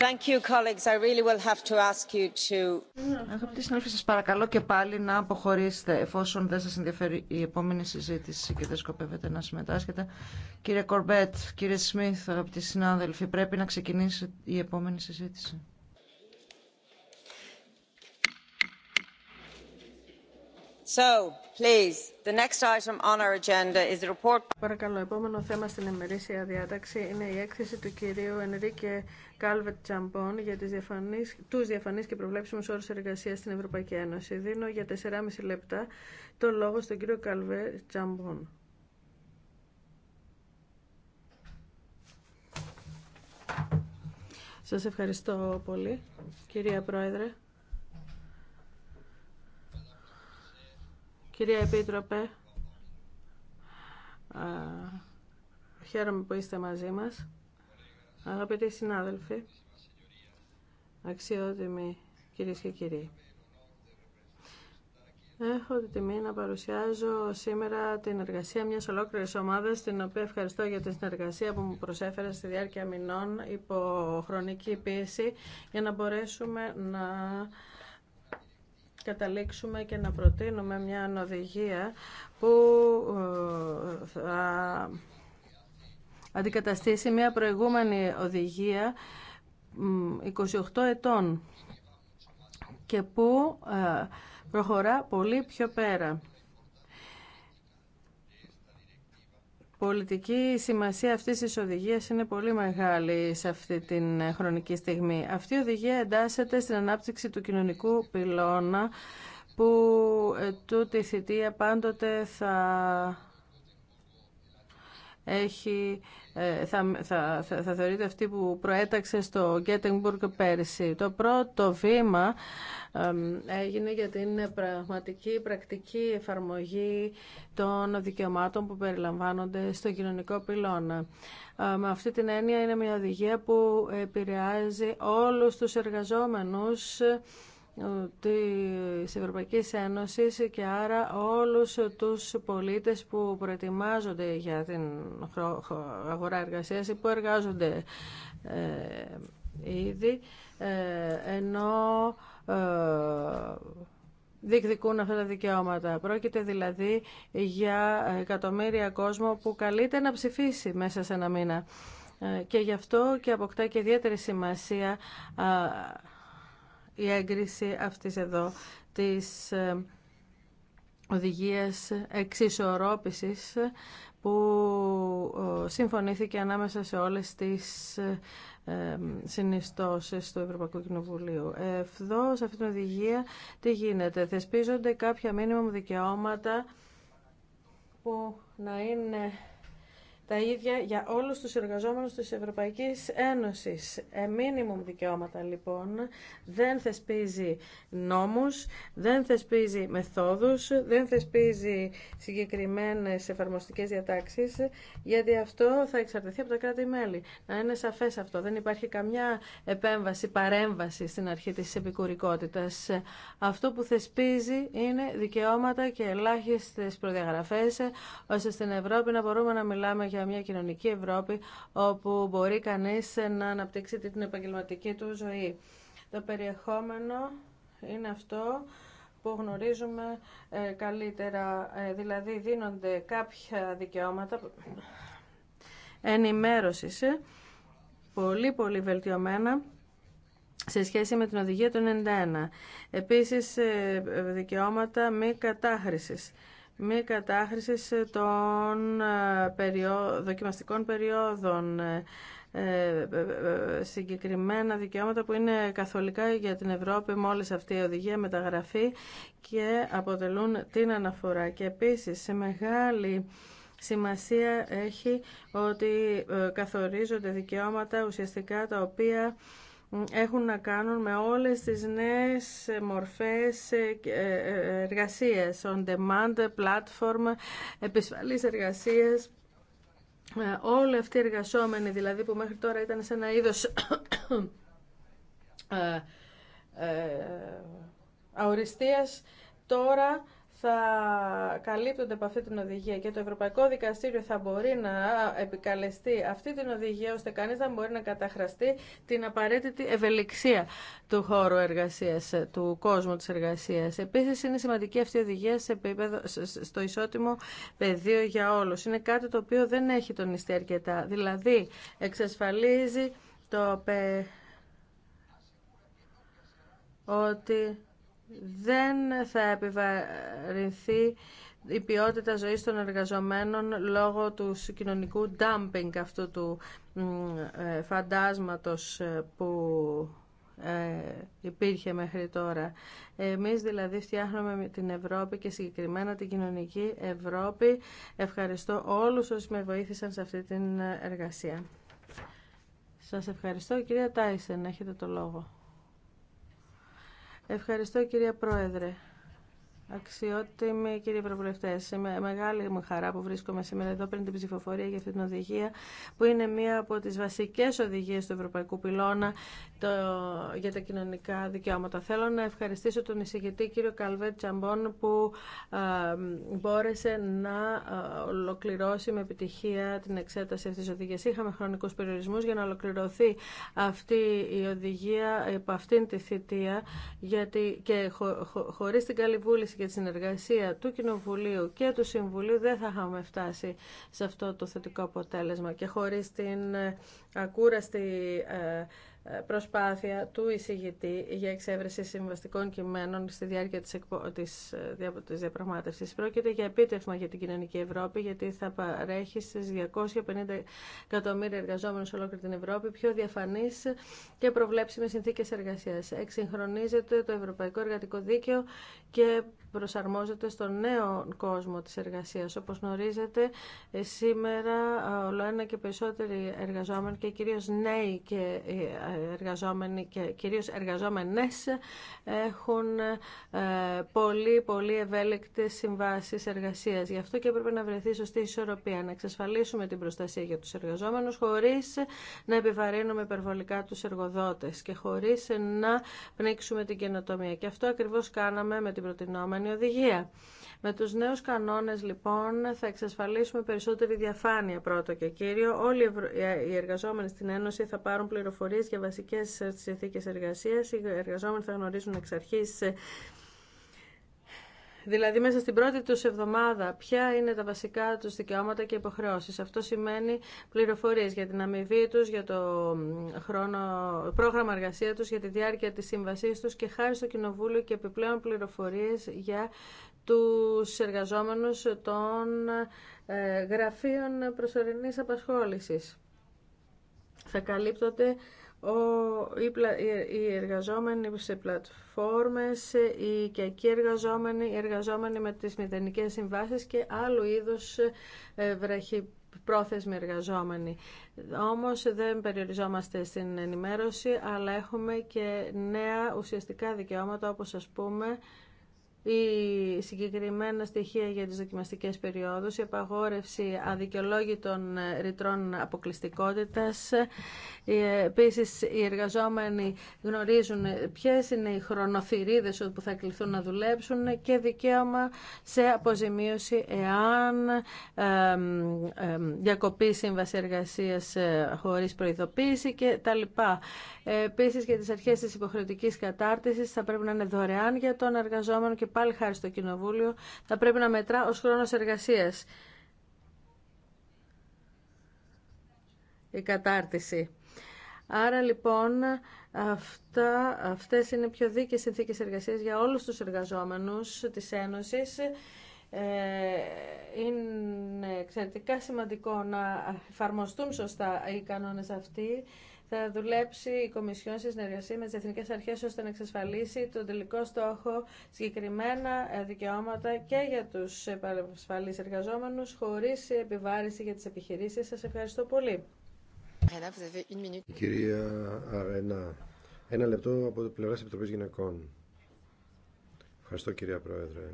Αγαπητοί συνάδελφοι, σας παρακαλώ και πάλι να αποχωρήσετε εφόσον δεν σας ενδιαφέρει η επόμενη συζήτηση και δεν σκοπεύετε να συμμετάσχετε. Κύριε Κορμπέτ, κύριε Σμιθ, αγαπητοί συνάδελφοι, πρέπει να ξεκινήσει η επόμενη συζήτηση. Παρακαλώ, επόμενο θέμα στην ημερήσια διάταξη είναι η έκθεση του κυρίου Ενρίκε Κάλβετ Τσαμπών για τις διαφανείς, τους διαφανείς και προβλέψιμους όρους εργασίας στην Ευρωπαϊκή Ένωση. Δίνω για 4,5 λεπτά το λόγο στον κύριο Κάλβετ Τσαμπών. Σας ευχαριστώ πολύ, κυρία Πρόεδρε. Κυρία Επίτροπε, ε, χαίρομαι που είστε μαζί μας. Αγαπητοί συνάδελφοι, αξιότιμοι κυρίες και κύριοι. Έχω τη τιμή να παρουσιάζω σήμερα την εργασία μιας ολόκληρης ομάδας, την οποία ευχαριστώ για τη συνεργασία που μου προσέφερα στη διάρκεια μηνών υπό χρονική πίεση, για να μπορέσουμε να καταλήξουμε και να προτείνουμε μια οδηγία που ε, θα αντικαταστήσει μια προηγούμενη οδηγία 28 ετών και που ε, προχωρά πολύ πιο πέρα. πολιτική σημασία αυτής της οδηγίας είναι πολύ μεγάλη σε αυτή την χρονική στιγμή. Αυτή η οδηγία εντάσσεται στην ανάπτυξη του κοινωνικού πυλώνα που ε, τούτη θητεία πάντοτε θα έχει, ε, θα, θα, θα, θεωρείται αυτή που προέταξε στο Γκέτεγμπουργκ πέρσι. Το πρώτο βήμα έγινε για την πραγματική πρακτική εφαρμογή των δικαιωμάτων που περιλαμβάνονται στο κοινωνικό πυλώνα. Με αυτή την έννοια είναι μια οδηγία που επηρεάζει όλους τους εργαζόμενους ε, της Ευρωπαϊκής Ένωσης και άρα όλους τους πολίτες που προετοιμάζονται για την αγορά εργασίας ή που εργάζονται ε, ήδη ε, ενώ ε, διεκδικούν αυτά τα δικαιώματα. Πρόκειται δηλαδή για εκατομμύρια κόσμο που καλείται να ψηφίσει μέσα σε ένα μήνα. Ε, και γι' αυτό και αποκτά και ιδιαίτερη σημασία ε, η έγκριση αυτής εδώ της οδηγίας εξισορρόπησης που ε, συμφωνήθηκε ανάμεσα σε όλες τις ε, συνιστώσεις του Ευρωπαϊκού Κοινοβουλίου. Εδώ, σε αυτήν την οδηγία, τι γίνεται. Θεσπίζονται κάποια μήνυμα δικαιώματα που να είναι τα ίδια για όλους τους εργαζόμενους της Ευρωπαϊκής Ένωσης. Ε, δικαιώματα λοιπόν δεν θεσπίζει νόμους, δεν θεσπίζει μεθόδους, δεν θεσπίζει συγκεκριμένες εφαρμοστικές διατάξεις, γιατί αυτό θα εξαρτηθεί από τα κράτη-μέλη. Να είναι σαφές αυτό. Δεν υπάρχει καμιά επέμβαση, παρέμβαση στην αρχή της επικουρικότητας. Αυτό που θεσπίζει είναι δικαιώματα και ελάχιστες προδιαγραφές, ώστε στην Ευρώπη να μπορούμε να μιλάμε για για μια κοινωνική Ευρώπη όπου μπορεί κανείς να αναπτύξει την επαγγελματική του ζωή. Το περιεχόμενο είναι αυτό που γνωρίζουμε ε, καλύτερα, ε, δηλαδή δίνονται κάποια δικαιώματα ενημέρωσης ε, πολύ πολύ βελτιωμένα σε σχέση με την οδηγία του 91. Επίσης δικαιώματα μη κατάχρησης μη κατάχρηση ε, των ε, δοκιμαστικών περιόδων, ε, συγκεκριμένα δικαιώματα που είναι καθολικά για την Ευρώπη μόλις αυτή η οδηγία μεταγραφή και αποτελούν την αναφορά. Και επίσης σε μεγάλη σημασία έχει ότι καθορίζονται δικαιώματα ουσιαστικά τα οποία έχουν να κάνουν με όλες τις νέες μορφές ε, ε, ε, εργασίας, on-demand, platform, επισφαλής εργασίες. Όλοι αυτοί οι εργασόμενοι, δηλαδή που μέχρι τώρα ήταν σε ένα είδος αοριστίας, τώρα θα καλύπτονται από αυτή την οδηγία και το Ευρωπαϊκό Δικαστήριο θα μπορεί να επικαλεστεί αυτή την οδηγία ώστε κανείς να μπορεί να καταχραστεί την απαραίτητη ευελιξία του χώρου εργασίας, του κόσμου της εργασίας. Επίσης είναι σημαντική αυτή η οδηγία σε επίπεδο, στο ισότιμο πεδίο για όλους. Είναι κάτι το οποίο δεν έχει τονιστεί αρκετά. Δηλαδή εξασφαλίζει το ότι δεν θα επιβαρυνθεί η ποιότητα ζωής των εργαζομένων λόγω του κοινωνικού dumping αυτού του ε, φαντάσματος ε, που ε, υπήρχε μέχρι τώρα. Εμείς δηλαδή φτιάχνουμε την Ευρώπη και συγκεκριμένα την κοινωνική Ευρώπη. Ευχαριστώ όλους όσοι με βοήθησαν σε αυτή την εργασία. Σας ευχαριστώ. Κυρία Τάισεν, έχετε το λόγο. Ευχαριστώ κυρία Πρόεδρε. Αξιότιμοι κύριε Ευρωβουλευτέ, με μεγάλη μου χαρά που βρίσκομαι σήμερα εδώ πριν την ψηφοφορία για αυτή την οδηγία, που είναι μία από τι βασικέ οδηγίε του Ευρωπαϊκού Πυλώνα το, για τα κοινωνικά δικαιώματα. Θέλω να ευχαριστήσω τον εισηγητή κύριο Καλβέτ Τσαμπόν που α, μπόρεσε να ολοκληρώσει με επιτυχία την εξέταση αυτή τη οδηγία. Είχαμε χρονικού περιορισμού για να ολοκληρωθεί αυτή η οδηγία ε, από αυτήν τη θητεία γιατί, και χω, χω, χωρί την καλή για τη συνεργασία του Κοινοβουλίου και του Συμβουλίου δεν θα είχαμε φτάσει σε αυτό το θετικό αποτέλεσμα και χωρίς την ε, ακούραστη ε, προσπάθεια του εισηγητή για εξέβρεση συμβαστικών κειμένων στη διάρκεια της, εκπο... της... Ε, της διαπραγμάτευσης. Πρόκειται για επίτευγμα για την κοινωνική Ευρώπη, γιατί θα παρέχει στις 250 εκατομμύρια εργαζόμενους σε ολόκληρη την Ευρώπη πιο διαφανείς και προβλέψιμες συνθήκες εργασίας. Εξυγχρονίζεται το Ευρωπαϊκό Εργατικό Δίκαιο και προσαρμόζεται στον νέο κόσμο της εργασίας. Όπως γνωρίζετε, ε, σήμερα ολοένα ε, και περισσότεροι εργαζόμενοι και κυρίως νέοι και εργαζόμενοι και κυρίως εργαζόμενες έχουν ε, πολύ πολύ ευέλικτες συμβάσεις εργασίας. Γι' αυτό και έπρεπε να βρεθεί σωστή ισορροπία, να εξασφαλίσουμε την προστασία για τους εργαζόμενους χωρίς να επιβαρύνουμε υπερβολικά τους εργοδότες και χωρίς να πνίξουμε την καινοτομία. Και αυτό ακριβώς κάναμε με την προτινόμενη οδηγία. Με τους νέους κανόνες λοιπόν θα εξασφαλίσουμε περισσότερη διαφάνεια πρώτο και κύριο. Όλοι οι εργαζόμενοι στην Ένωση θα πάρουν πληροφορίες για βασικές ε, συνθήκες εργασίας. Οι εργαζόμενοι θα γνωρίζουν εξ αρχής ε, Δηλαδή μέσα στην πρώτη του εβδομάδα ποια είναι τα βασικά του δικαιώματα και υποχρεώσεις. Αυτό σημαίνει πληροφορίες για την αμοιβή τους, για το χρόνο, πρόγραμμα εργασία τους, για τη διάρκεια της σύμβασής τους και χάρη στο Κοινοβούλιο και επιπλέον πληροφορίες για τους εργαζόμενους των ε, γραφείων προσωρινής απασχόλησης. Θα καλύπτονται ο, οι, οι εργαζόμενοι σε πλατφόρμες, οι οικιακοί εργαζόμενοι, οι εργαζόμενοι με τις μηδενικές συμβάσεις και άλλου είδους ε, πρόθεσμοι εργαζόμενοι. Όμως δεν περιοριζόμαστε στην ενημέρωση, αλλά έχουμε και νέα ουσιαστικά δικαιώματα, όπως ας πούμε οι συγκεκριμένα στοιχεία για τις δοκιμαστικές περιόδους, η απαγόρευση αδικαιολόγητων ρητρών αποκλειστικότητας. Ε, επίσης, οι εργαζόμενοι γνωρίζουν ποιες είναι οι χρονοθυρίδες που θα κληθούν να δουλέψουν και δικαίωμα σε αποζημίωση εάν διακοπεί σύμβαση εργασίας ε, χωρίς προειδοποίηση και τα λοιπά. Επίσης, για τις αρχές της υποχρεωτικής κατάρτισης θα πρέπει να είναι δωρεάν για τον εργαζόμενο και πάλι χάρη στο Κοινοβούλιο, θα πρέπει να μετρά ως χρόνος εργασίας η κατάρτιση. Άρα λοιπόν αυτά, αυτές είναι πιο δίκαιες συνθήκες εργασίας για όλους τους εργαζόμενους της Ένωσης. Ε, είναι εξαιρετικά σημαντικό να εφαρμοστούν σωστά οι κανόνες αυτοί θα δουλέψει η Κομισιόν σε συνεργασία με τι Εθνικέ Αρχέ ώστε να εξασφαλίσει τον τελικό στόχο συγκεκριμένα ε, δικαιώματα και για του ασφαλεί εργαζόμενου χωρί επιβάρηση για τι επιχειρήσει. Σα ευχαριστώ πολύ. Κυρία Αρένα, ένα λεπτό από το πλευρά τη Επιτροπή Γυναικών. Ευχαριστώ κυρία Πρόεδρε.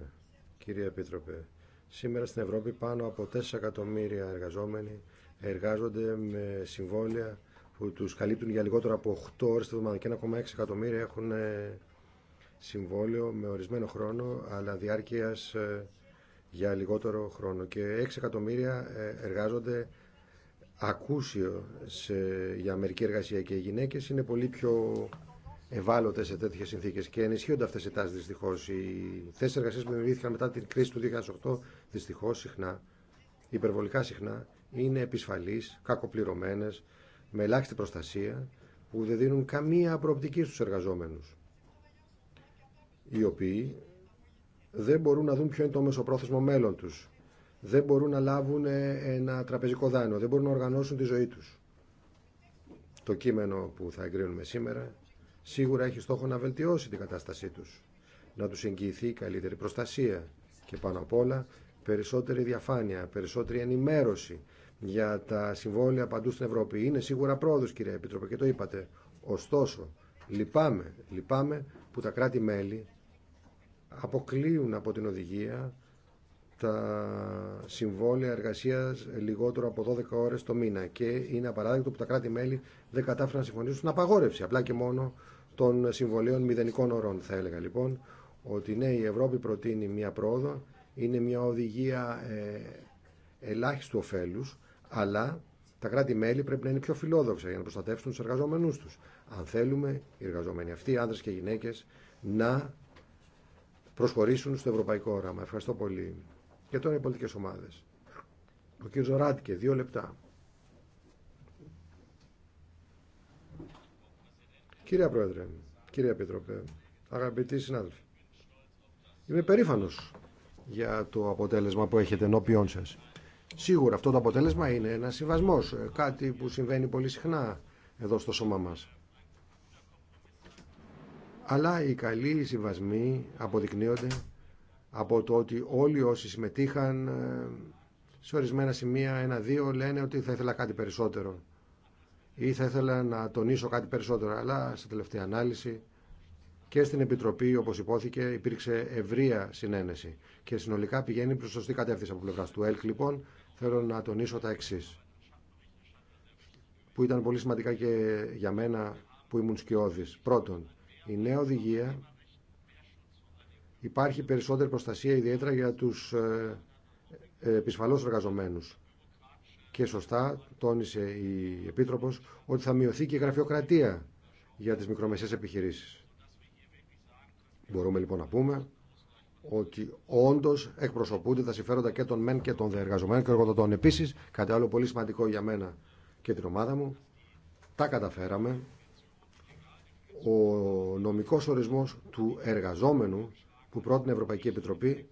Κυρία Επίτροπε, σήμερα στην Ευρώπη πάνω από 4 εκατομμύρια εργαζόμενοι εργάζονται με συμβόλαια που τους καλύπτουν για λιγότερο από 8 ώρες τη βδομάδα και 1,6 εκατομμύρια έχουν ε, συμβόλαιο με ορισμένο χρόνο αλλά διάρκειας ε, για λιγότερο χρόνο και 6 εκατομμύρια ε, εργάζονται ακούσιο σε, για μερική εργασία και οι γυναίκες είναι πολύ πιο ευάλωτε σε τέτοιε συνθήκε και ενισχύονται αυτέ οι τάσει δυστυχώ. Οι θέσει εργασία που δημιουργήθηκαν μετά την κρίση του 2008 δυστυχώ συχνά, υπερβολικά συχνά, είναι επισφαλεί, κακοπληρωμένε, με ελάχιστη προστασία που δεν δίνουν καμία προοπτική στους εργαζόμενους οι οποίοι δεν μπορούν να δουν ποιο είναι το μεσοπρόθεσμο μέλλον τους δεν μπορούν να λάβουν ε, ένα τραπεζικό δάνειο δεν μπορούν να οργανώσουν τη ζωή τους το κείμενο που θα εγκρίνουμε σήμερα σίγουρα έχει στόχο να βελτιώσει την κατάστασή τους να τους εγγυηθεί καλύτερη προστασία και πάνω απ' όλα περισσότερη διαφάνεια, περισσότερη ενημέρωση για τα συμβόλαια παντού στην Ευρώπη. Είναι σίγουρα πρόοδο, κύριε Επίτροπε και το είπατε. Ωστόσο, λυπάμαι, λυπάμαι που τα κράτη-μέλη αποκλείουν από την οδηγία τα συμβόλαια εργασία λιγότερο από 12 ώρε το μήνα και είναι απαράδεκτο που τα κράτη-μέλη δεν κατάφεραν να συμφωνήσουν στην απαγόρευση απλά και μόνο των συμβολίων μηδενικών ωρών θα έλεγα λοιπόν ότι ναι η Ευρώπη προτείνει μια πρόοδο είναι μια οδηγία ε, ελάχιστου ωφέλους αλλά τα κράτη-μέλη πρέπει να είναι πιο φιλόδοξα για να προστατεύσουν του εργαζόμενού του. Αν θέλουμε οι εργαζόμενοι αυτοί, άνδρε και γυναίκε, να προσχωρήσουν στο ευρωπαϊκό όραμα. Ευχαριστώ πολύ. Και τώρα οι πολιτικέ ομάδε. Ο κ. Ζωράτηκε, δύο λεπτά. Κύριε Πρόεδρε, κύριε Επιτροπέ, αγαπητοί συνάδελφοι, είμαι περήφανος για το αποτέλεσμα που έχετε ενώπιόν σας. Σίγουρα αυτό το αποτέλεσμα είναι ένα συμβασμό, ε, κάτι που συμβαίνει πολύ συχνά εδώ στο σώμα μα. Αλλά οι καλοί συμβασμοί αποδεικνύονται από το ότι όλοι όσοι συμμετείχαν ε, σε ορισμένα σημεία, ένα-δύο, λένε ότι θα ήθελα κάτι περισσότερο ή θα ήθελα να τονίσω κάτι περισσότερο. Αλλά σε τελευταία ανάλυση και στην Επιτροπή, όπω υπόθηκε, υπήρξε ευρεία συνένεση και συνολικά πηγαίνει προς σωστή κατεύθυνση από πλευρά του ΕΛΚ. Λοιπόν, θέλω να τονίσω τα εξή. που ήταν πολύ σημαντικά και για μένα που ήμουν σκιώδης. Πρώτον, η νέα οδηγία υπάρχει περισσότερη προστασία ιδιαίτερα για τους ε, ε, επισφαλώς εργαζομένους. Και σωστά τόνισε η Επίτροπος ότι θα μειωθεί και η γραφειοκρατία για τις μικρομεσαίες επιχειρήσεις. Μπορούμε λοιπόν να πούμε ότι όντω εκπροσωπούνται τα συμφέροντα και των μεν και των δε εργαζομένων και εργοδοτών. Επίση, κάτι άλλο πολύ σημαντικό για μένα και την ομάδα μου, τα καταφέραμε. Ο νομικό ορισμό του εργαζόμενου που πρότεινε η Ευρωπαϊκή Επιτροπή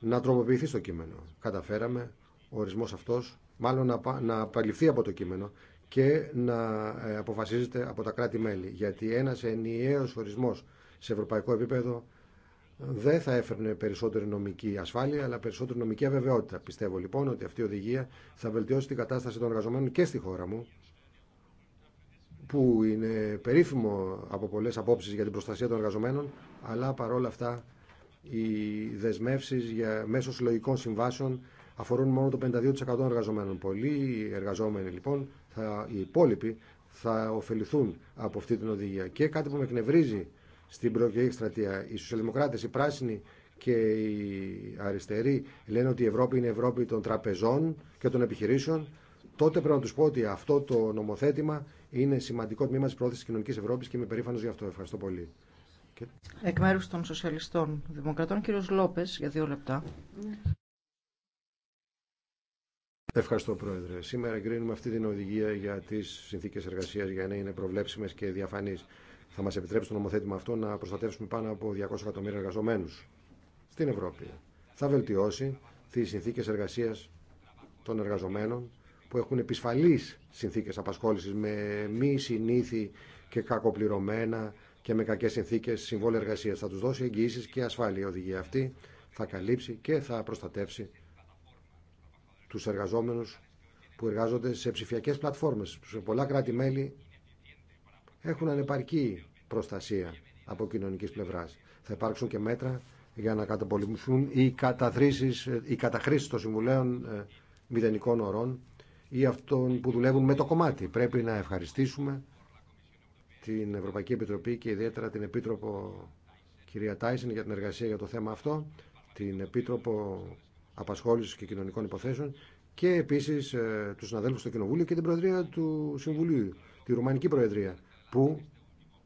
να τροποποιηθεί στο κείμενο. Καταφέραμε ο ορισμό αυτό μάλλον να απαλληφθεί από το κείμενο και να ε, αποφασίζεται από τα κράτη-μέλη. Γιατί ένα ενιαίο ορισμό σε ευρωπαϊκό επίπεδο δεν θα έφερνε περισσότερη νομική ασφάλεια, αλλά περισσότερη νομική αβεβαιότητα. Πιστεύω λοιπόν ότι αυτή η οδηγία θα βελτιώσει την κατάσταση των εργαζομένων και στη χώρα μου, που είναι περίφημο από πολλέ απόψει για την προστασία των εργαζομένων, αλλά παρόλα αυτά οι δεσμεύσει μέσω συλλογικών συμβάσεων αφορούν μόνο το 52% των εργαζομένων. Πολλοί εργαζόμενοι λοιπόν, θα, οι υπόλοιποι, θα ωφεληθούν από αυτή την οδηγία. Και κάτι που με εκνευρίζει στην προεκλογική εκστρατεία. Οι σοσιαλδημοκράτε, οι πράσινοι και οι αριστεροί λένε ότι η Ευρώπη είναι η Ευρώπη των τραπεζών και των επιχειρήσεων. Τότε πρέπει να του πω ότι αυτό το νομοθέτημα είναι σημαντικό τμήμα τη πρόθεση τη κοινωνική Ευρώπη και είμαι περήφανο γι' αυτό. Ευχαριστώ πολύ. Εκ μέρου των Σοσιαλιστών Δημοκρατών, κύριο Λόπε, για δύο λεπτά. Ευχαριστώ, Πρόεδρε. Σήμερα εγκρίνουμε αυτή την οδηγία για τι συνθήκε εργασία για να είναι προβλέψιμε και διαφανεί θα μας επιτρέψει το νομοθέτημα αυτό να προστατεύσουμε πάνω από 200 εκατομμύρια εργαζομένους στην Ευρώπη. Θα βελτιώσει τι συνθήκε εργασία των εργαζομένων που έχουν επισφαλείς συνθήκες απασχόλησης με μη συνήθη και κακοπληρωμένα και με κακές συνθήκες συμβόλαια εργασίας. Θα τους δώσει εγγυήσει και ασφάλεια η οδηγία αυτή. Θα καλύψει και θα προστατεύσει του εργαζόμενου που εργάζονται σε ψηφιακέ πλατφόρμες. Σε πολλά κράτη-μέλη έχουν ανεπαρκή προστασία από κοινωνική πλευρά. Θα υπάρξουν και μέτρα για να καταπολεμηθούν οι, καταθρίσεις, οι καταχρήσεις των συμβουλέων ε, μηδενικών ορών ή αυτών που δουλεύουν με το κομμάτι. Πρέπει να ευχαριστήσουμε την Ευρωπαϊκή Επιτροπή και ιδιαίτερα την Επίτροπο κυρία Τάισεν για την εργασία για το θέμα αυτό, την Επίτροπο Απασχόλησης και Κοινωνικών Υποθέσεων και επίσης ε, τους συναδέλφους στο Κοινοβούλιο και την Προεδρία του Συμβουλίου, τη Ρουμανική Προεδρία που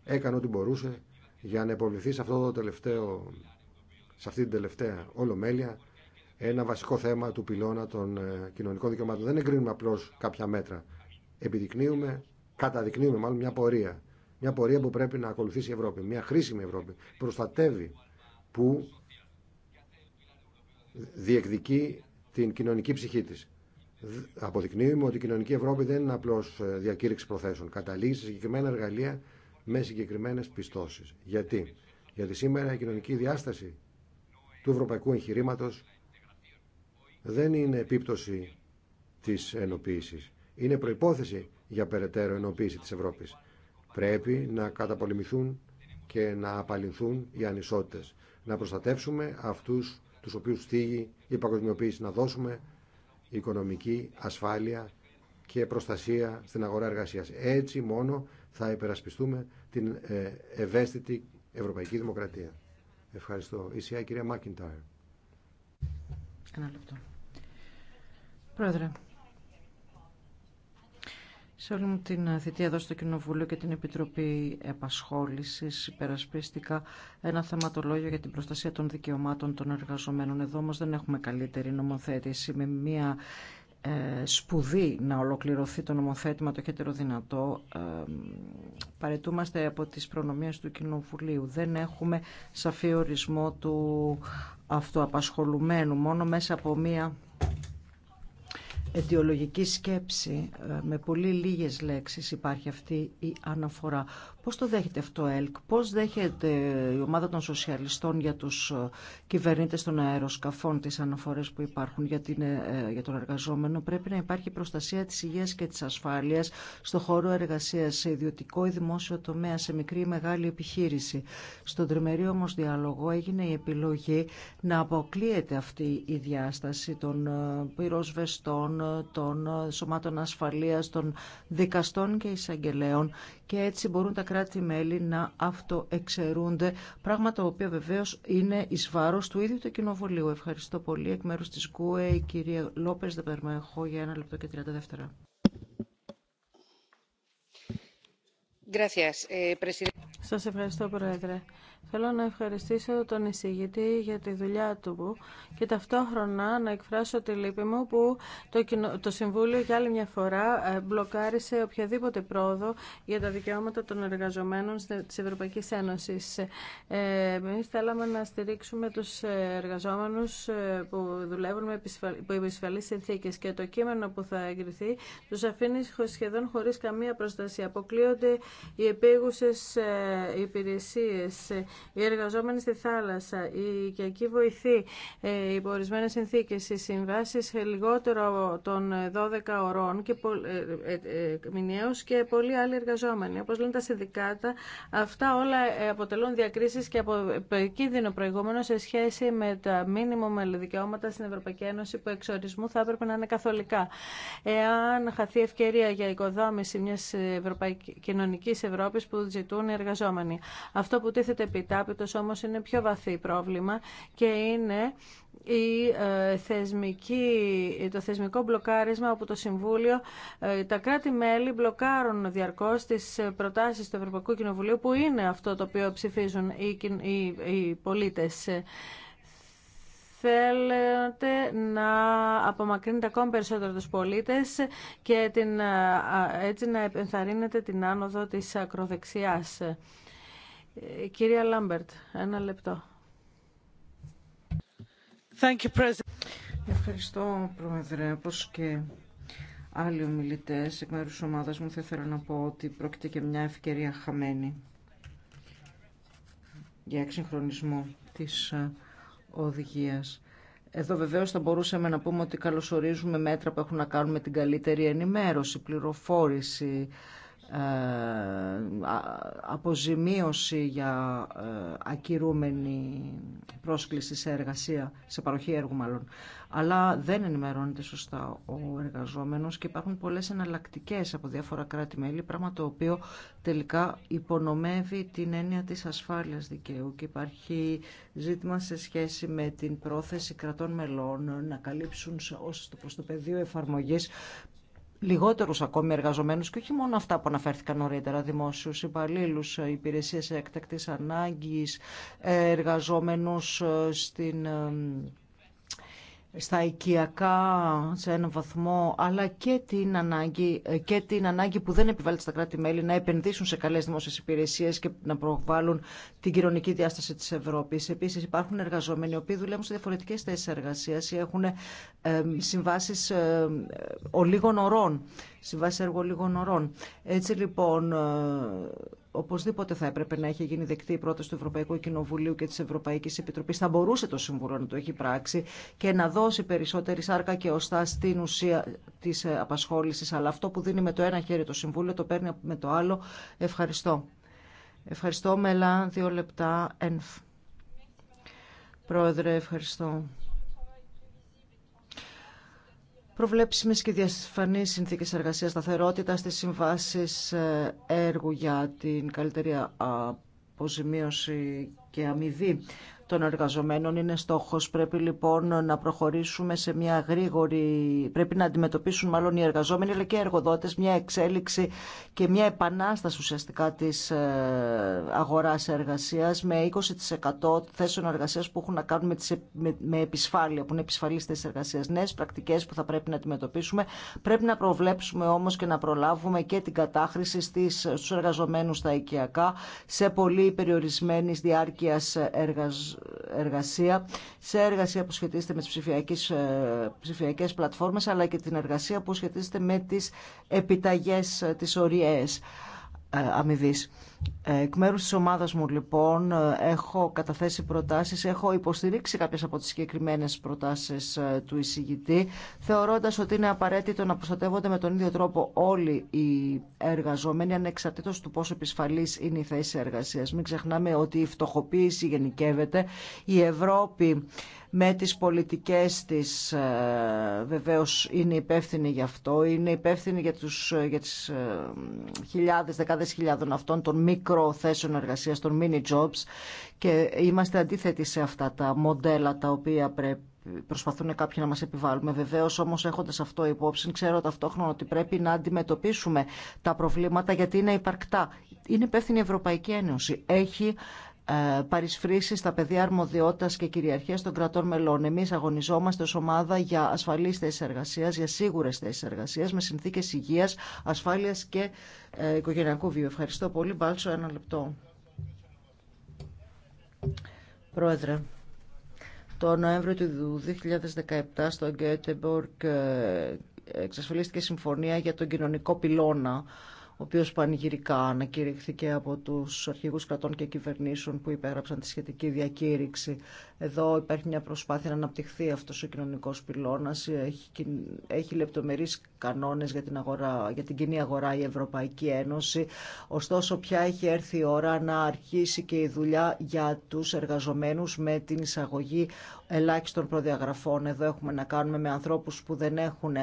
έκανε ό,τι μπορούσε για να υποβληθεί σε, αυτό το τελευταίο, σε αυτή την τελευταία ολομέλεια ένα βασικό θέμα του πυλώνα των ε, κοινωνικών δικαιωμάτων. Δεν εγκρίνουμε απλώ κάποια μέτρα. Επιδεικνύουμε, καταδεικνύουμε μάλλον μια πορεία. Μια πορεία που πρέπει να ακολουθήσει η Ευρώπη. Μια χρήσιμη Ευρώπη. Προστατεύει που διεκδικεί την κοινωνική ψυχή της αποδεικνύουμε ότι η κοινωνική Ευρώπη δεν είναι απλώ ε, διακήρυξη προθέσεων. Καταλήγει σε συγκεκριμένα εργαλεία με συγκεκριμένε πιστώσει. Γιατί? Γιατί σήμερα η κοινωνική διάσταση του ευρωπαϊκού εγχειρήματο δεν είναι επίπτωση της ενοποίησης. Είναι προπόθεση για περαιτέρω ενοποίηση της Ευρώπη. Πρέπει να καταπολεμηθούν και να απαλληλθούν οι ανισότητε, Να προστατεύσουμε αυτούς τους οποίου θίγει η παγκοσμιοποίηση, να δώσουμε οικονομική ασφάλεια και προστασία στην αγορά εργασίας. Έτσι μόνο θα υπερασπιστούμε την ε, ευαίσθητη ευρωπαϊκή δημοκρατία. Ευχαριστώ. κυρία Ένα Πρόεδρε, σε όλη μου την ε, θητεία εδώ στο Κοινοβούλιο και την Επιτροπή Επασχόλησης υπερασπίστηκα ένα θεματολόγιο για την προστασία των δικαιωμάτων των εργαζομένων. Εδώ όμως δεν έχουμε καλύτερη νομοθέτηση με μια ε, σπουδή να ολοκληρωθεί το νομοθέτημα το χέτερο δυνατό ε, παρετούμαστε από τις προνομίες του Κοινοβουλίου δεν έχουμε σαφή ορισμό του αυτοαπασχολουμένου μόνο μέσα από μία αιτιολογική σκέψη ε, με πολύ λίγες λέξεις υπάρχει αυτή η αναφορά Πώ το δέχεται αυτό ο ΕΛΚ, πώς δέχεται η ομάδα των σοσιαλιστών για του ε, κυβερνήτε των αεροσκαφών τις αναφορέ που υπάρχουν για, την, ε, ε, για τον εργαζόμενο. Πρέπει να υπάρχει προστασία τη υγεία και τη ασφάλεια στο χώρο εργασία, σε ιδιωτικό ή δημόσιο τομέα, σε μικρή ή μεγάλη επιχείρηση. Στον τριμερή όμως διάλογο έγινε η επιλογή να αποκλείεται αυτή η μεγαλη επιχειρηση στον τριμερη όμω διαλογο εγινε η επιλογη να αποκλειεται αυτη η διασταση των πυροσβεστών, των σωμάτων ασφαλείας, των δικαστών και εισαγγελέων και έτσι μπορούν τα κράτη-μέλη να αυτοεξαιρούνται, πράγμα το οποίο βεβαίως είναι εις βάρος του ίδιου του Κοινοβουλίου. Ευχαριστώ πολύ. Εκ μέρους της ΚΟΕ, η κυρία Λόπε Δεπερμαχώ για ένα λεπτό και 30 δεύτερα. Eh, Σας ευχαριστώ, Πρόεδρε. Θέλω να ευχαριστήσω τον εισηγητή για τη δουλειά του και ταυτόχρονα να εκφράσω τη λύπη μου που το, το Συμβούλιο για άλλη μια φορά ε, μπλοκάρισε οποιαδήποτε πρόοδο για τα δικαιώματα των εργαζομένων της Ευρωπαϊκής Ένωσης. Ε, Εμεί θέλαμε να στηρίξουμε τους εργαζόμενους ε, που δουλεύουν με επισφαλείς συνθήκε και το κείμενο που θα εγκριθεί τους αφήνει σχεδόν χωρίς καμία προστασία. Αποκλείονται οι επίγουσες υπηρεσίες οι εργαζόμενοι στη θάλασσα, η οικιακή βοηθή, ε, οι ορισμένε συνθήκε, οι συμβάσει λιγότερο των 12 ωρών και ε, ε, μηνιαίω και πολλοί άλλοι εργαζόμενοι. Όπω λένε τα συνδικάτα, αυτά όλα αποτελούν διακρίσει και από κίνδυνο προηγούμενο σε σχέση με τα μήνυμα με δικαιώματα στην Ευρωπαϊκή Ένωση που εξ θα έπρεπε να είναι καθολικά. Εάν χαθεί ευκαιρία για οικοδόμηση μια κοινωνική Ευρώπη που ζητούν οι εργαζόμενοι. Αυτό που τίθεται επιτάπητος όμως είναι πιο βαθύ πρόβλημα και είναι η, ε, θεσμική, το θεσμικό μπλοκάρισμα όπου το Συμβούλιο, ε, τα κράτη-μέλη μπλοκάρουν διαρκώς τις προτάσεις του Ευρωπαϊκού Κοινοβουλίου που είναι αυτό το οποίο ψηφίζουν οι, οι, πολίτες θέλετε να απομακρύνετε ακόμη περισσότερο τους πολίτες και την, ε, έτσι να επενθαρρύνετε την άνοδο της ακροδεξιάς. Ε, κυρία Λάμπερτ, ένα λεπτό. Ευχαριστώ, Πρόεδρε, όπως και άλλοι ομιλητές εκ μέρους της ομάδας μου θα ήθελα να πω ότι πρόκειται και μια ευκαιρία χαμένη για εξυγχρονισμό της ε, οδηγίας. Εδώ βεβαίω θα μπορούσαμε να πούμε ότι καλωσορίζουμε μέτρα που έχουν να κάνουν με την καλύτερη ενημέρωση, πληροφόρηση, ε, αποζημίωση για ε, ακυρούμενη πρόσκληση σε εργασία, σε παροχή έργου μάλλον. Αλλά δεν ενημερώνεται σωστά ο εργαζόμενος και υπάρχουν πολλές εναλλακτικέ από διάφορα κράτη-μέλη, πράγμα το οποίο τελικά υπονομεύει την έννοια της ασφάλειας δικαίου και υπάρχει ζήτημα σε σχέση με την πρόθεση κρατών μελών να καλύψουν ως το, το πεδίο εφαρμογής λιγότερους ακόμη εργαζομένους και όχι μόνο αυτά που αναφέρθηκαν νωρίτερα, δημόσιους υπαλλήλους, ε, υπηρεσίες εκτακτής ανάγκης, ε, εργαζόμενους ε, στην στα οικιακά σε έναν βαθμό, αλλά και την, ανάγκη, και την ανάγκη που δεν επιβάλλεται στα κράτη-μέλη να επενδύσουν σε καλές δημόσιες υπηρεσίες και να προβάλλουν την κοινωνική διάσταση της Ευρώπης. Επίσης υπάρχουν εργαζόμενοι οι οποίοι δουλεύουν σε διαφορετικές θέσεις εργασίας ή έχουν ε, συμβάσεις ε, ολίγων ωρών, συμβάσει έργο λίγων ωρών. Έτσι λοιπόν... Ε, οπωσδήποτε θα έπρεπε να έχει γίνει δεκτή η πρόταση του Ευρωπαϊκού Κοινοβουλίου και τη Ευρωπαϊκή Επιτροπή. Θα μπορούσε το Συμβούλιο να το έχει πράξει και να δώσει περισσότερη σάρκα και οστά στην ουσία τη ε, απασχόληση. Αλλά αυτό που δίνει με το ένα χέρι το Συμβούλιο το παίρνει με το άλλο. Ευχαριστώ. Ευχαριστώ, Μελά. Δύο λεπτά. Ενφ. Πρόεδρε, ευχαριστώ προβλέψιμες και διασφανείς συνθήκε εργασία σταθερότητα στις συμβάσει ε, έργου για την καλύτερη αποζημίωση και αμοιβή των εργαζομένων είναι στόχος. Πρέπει λοιπόν να προχωρήσουμε σε μια γρήγορη... Πρέπει να αντιμετωπίσουν μάλλον οι εργαζόμενοι αλλά και οι εργοδότες μια εξέλιξη και μια επανάσταση ουσιαστικά της ε, αγοράς εργασίας με 20% θέσεων εργασίας που έχουν να κάνουν με, τις... με επισφάλεια, που είναι επισφαλιστέ εργασία. εργασίας. Νέες πρακτικές που θα πρέπει να αντιμετωπίσουμε. Πρέπει να προβλέψουμε όμως και να προλάβουμε και την κατάχρηση στις... στους εργαζομένους στα οικιακά σε πολύ περιορισμένη διάρκεια εργασίας εργασία, σε εργασία που σχετίζεται με τις ψηφιακές, ε, ψηφιακές πλατφόρμες, αλλά και την εργασία που σχετίζεται με τις επιταγές, ε, τις οριές. Ε, αμοιβή. Ε, εκ μέρου τη ομάδα μου, λοιπόν, ε, έχω καταθέσει προτάσει, έχω υποστηρίξει κάποιε από τι συγκεκριμένε προτάσει του εισηγητή, θεωρώντα ότι είναι απαραίτητο να προστατεύονται με τον ίδιο τρόπο όλοι οι εργαζόμενοι, ανεξαρτήτω του πόσο επισφαλή είναι η θέση εργασία. Μην ξεχνάμε ότι η φτωχοποίηση γενικεύεται, η Ευρώπη με τις πολιτικές της. Ε, βεβαίως είναι υπεύθυνη γι' αυτό, είναι υπεύθυνη για, τους, ε, για τις ε, χιλιάδες, δεκάδες χιλιάδων αυτών των μικροθέσεων εργασίας, των mini jobs και είμαστε αντίθετοι σε αυτά τα μοντέλα τα οποία πρέπει προσπαθούν κάποιοι να μας επιβάλλουμε. Βεβαίως όμως έχοντας αυτό υπόψη ξέρω ταυτόχρονα ότι πρέπει να αντιμετωπίσουμε τα προβλήματα γιατί είναι υπαρκτά. Είναι υπεύθυνη η Ευρωπαϊκή Ένωση. Έχει ε, παρισφρήσει στα παιδιά, αρμοδιότητα και κυριαρχία των κρατών μελών. Εμεί αγωνιζόμαστε ω ομάδα για ασφαλεί θέσει εργασία, για σίγουρες θέσει εργασία, με συνθήκε υγεία, ασφάλεια και ε, οικογενειακού βίου. Ευχαριστώ πολύ. Μπάλτσο, ένα λεπτό. Πρόεδρε. Το Νοέμβριο του 2017 στο Γκέτεμπορκ ε, εξασφαλίστηκε συμφωνία για τον κοινωνικό πυλώνα ο οποίος πανηγυρικά ανακηρύχθηκε από τους αρχηγούς κρατών και κυβερνήσεων που υπέγραψαν τη σχετική διακήρυξη. Εδώ υπάρχει μια προσπάθεια να αναπτυχθεί αυτός ο κοινωνικός πυλώνας. Έχει, έχει λεπτομερείς κανόνες για την, για την κοινή αγορά η Ευρωπαϊκή Ένωση. Ωστόσο πια έχει έρθει η ώρα να αρχίσει και η δουλειά για τους εργαζομένους με την εισαγωγή ελάχιστων προδιαγραφών. Εδώ έχουμε να κάνουμε με ανθρώπους που δεν έχουν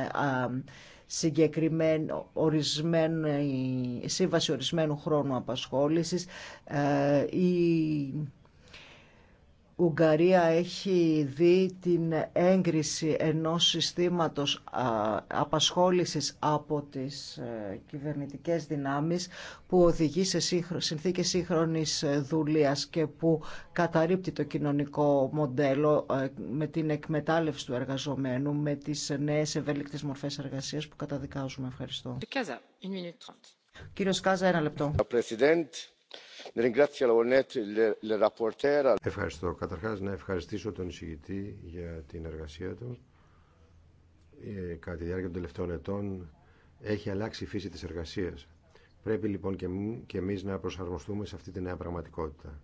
συγκεκριμένη ορισμένη, σύμβαση ορισμένου χρόνου απασχόλησης, ε, η Ουγγαρία έχει δει την έγκριση ενός συστήματος απασχόλησης από τις ε, κυβερνητικές δυνάμεις που οδηγεί σε συνθήκες σύγχρονης ε, δουλείας και που καταρρύπτει το κοινωνικό μοντέλο ε, με την εκμετάλλευση του εργαζομένου, με τις νέες ευέλικτες μορφές εργασίας που καταδικάζουμε. Ευχαριστώ. Κύριος Κάζα, ένα λεπτό. Ευχαριστώ. Καταρχάς να ευχαριστήσω τον εισηγητή για την εργασία του. Ε, κατά τη διάρκεια των τελευταίων ετών έχει αλλάξει η φύση της εργασίας. Πρέπει λοιπόν και εμείς να προσαρμοστούμε σε αυτή τη νέα πραγματικότητα.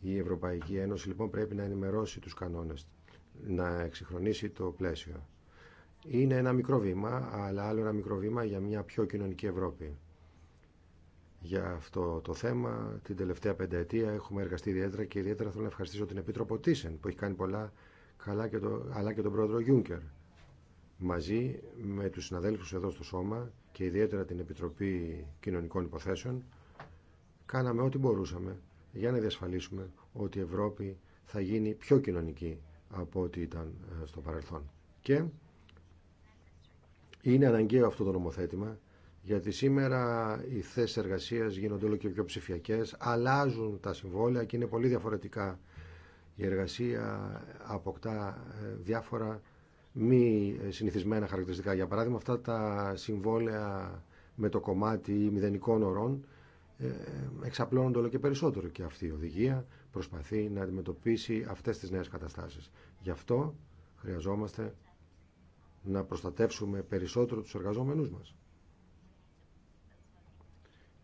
Η Ευρωπαϊκή Ένωση λοιπόν πρέπει να ενημερώσει τους κανόνες, να εξυγχρονίσει το πλαίσιο. Είναι ένα μικρό βήμα, αλλά άλλο ένα μικρό βήμα για μια πιο κοινωνική Ευρώπη για αυτό το θέμα. Την τελευταία πενταετία έχουμε εργαστεί ιδιαίτερα και ιδιαίτερα θέλω να ευχαριστήσω την Επίτροπο Τίσεν που έχει κάνει πολλά καλά και το, αλλά και τον πρόεδρο Γιούνκερ. Μαζί με τους συναδέλφους εδώ στο Σώμα και ιδιαίτερα την Επιτροπή Κοινωνικών Υποθέσεων κάναμε ό,τι μπορούσαμε για να διασφαλίσουμε ότι η Ευρώπη θα γίνει πιο κοινωνική από ό,τι ήταν ε, στο παρελθόν. Και είναι αναγκαίο αυτό το νομοθέτημα γιατί σήμερα οι θέσει εργασία γίνονται όλο και πιο ψηφιακέ, αλλάζουν τα συμβόλαια και είναι πολύ διαφορετικά. Η εργασία αποκτά ε, διάφορα μη ε, συνηθισμένα χαρακτηριστικά. Για παράδειγμα, αυτά τα συμβόλαια με το κομμάτι μηδενικών ορών ε, εξαπλώνονται όλο και περισσότερο και αυτή η οδηγία προσπαθεί να αντιμετωπίσει αυτές τις νέες καταστάσεις. Γι' αυτό χρειαζόμαστε να προστατεύσουμε περισσότερο τους εργαζόμενούς μας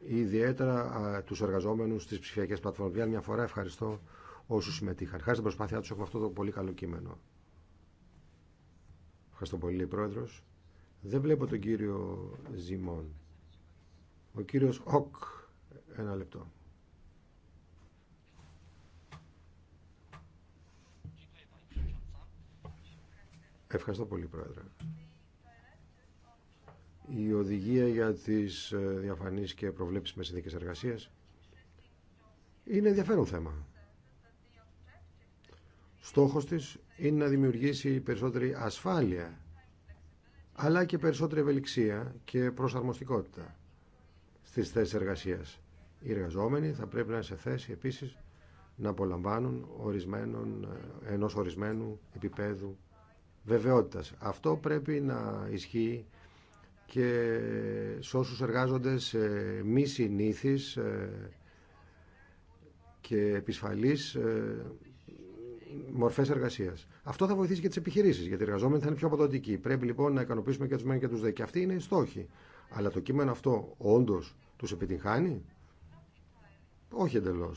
ιδιαίτερα τους εργαζόμενους στις ψηφιακές πλατφόρμες. Για μια φορά ευχαριστώ όσους συμμετείχαν. Χάρη στην προσπάθειά τους έχουμε αυτό το πολύ καλό κείμενο. Ευχαριστώ πολύ, Πρόεδρος. Δεν βλέπω τον κύριο Ζημών. Ο κύριος Οκ. Ένα λεπτό. Ευχαριστώ πολύ, Πρόεδρε η οδηγία για τις ε, διαφανείς και με συνθήκες εργασίες είναι ενδιαφέρον θέμα. Στόχος της είναι να δημιουργήσει περισσότερη ασφάλεια αλλά και περισσότερη ευελιξία και προσαρμοστικότητα στις θέσεις εργασίας. Οι εργαζόμενοι θα πρέπει να είναι σε θέση επίσης να απολαμβάνουν ορισμένων, ε, ενός ορισμένου επίπεδου βεβαιότητας. Αυτό πρέπει να ισχύει και σε όσους εργάζονται σε μη συνήθεις ε, και επισφαλείς ε, μορφές εργασίας. Αυτό θα βοηθήσει και τις επιχειρήσεις, γιατί οι εργαζόμενοι θα είναι πιο αποδοτικοί. Πρέπει λοιπόν να ικανοποιήσουμε και τους μεν και τους δε. Και αυτοί είναι οι στόχοι. Αλλά το κείμενο αυτό όντω τους επιτυγχάνει. Όχι εντελώ.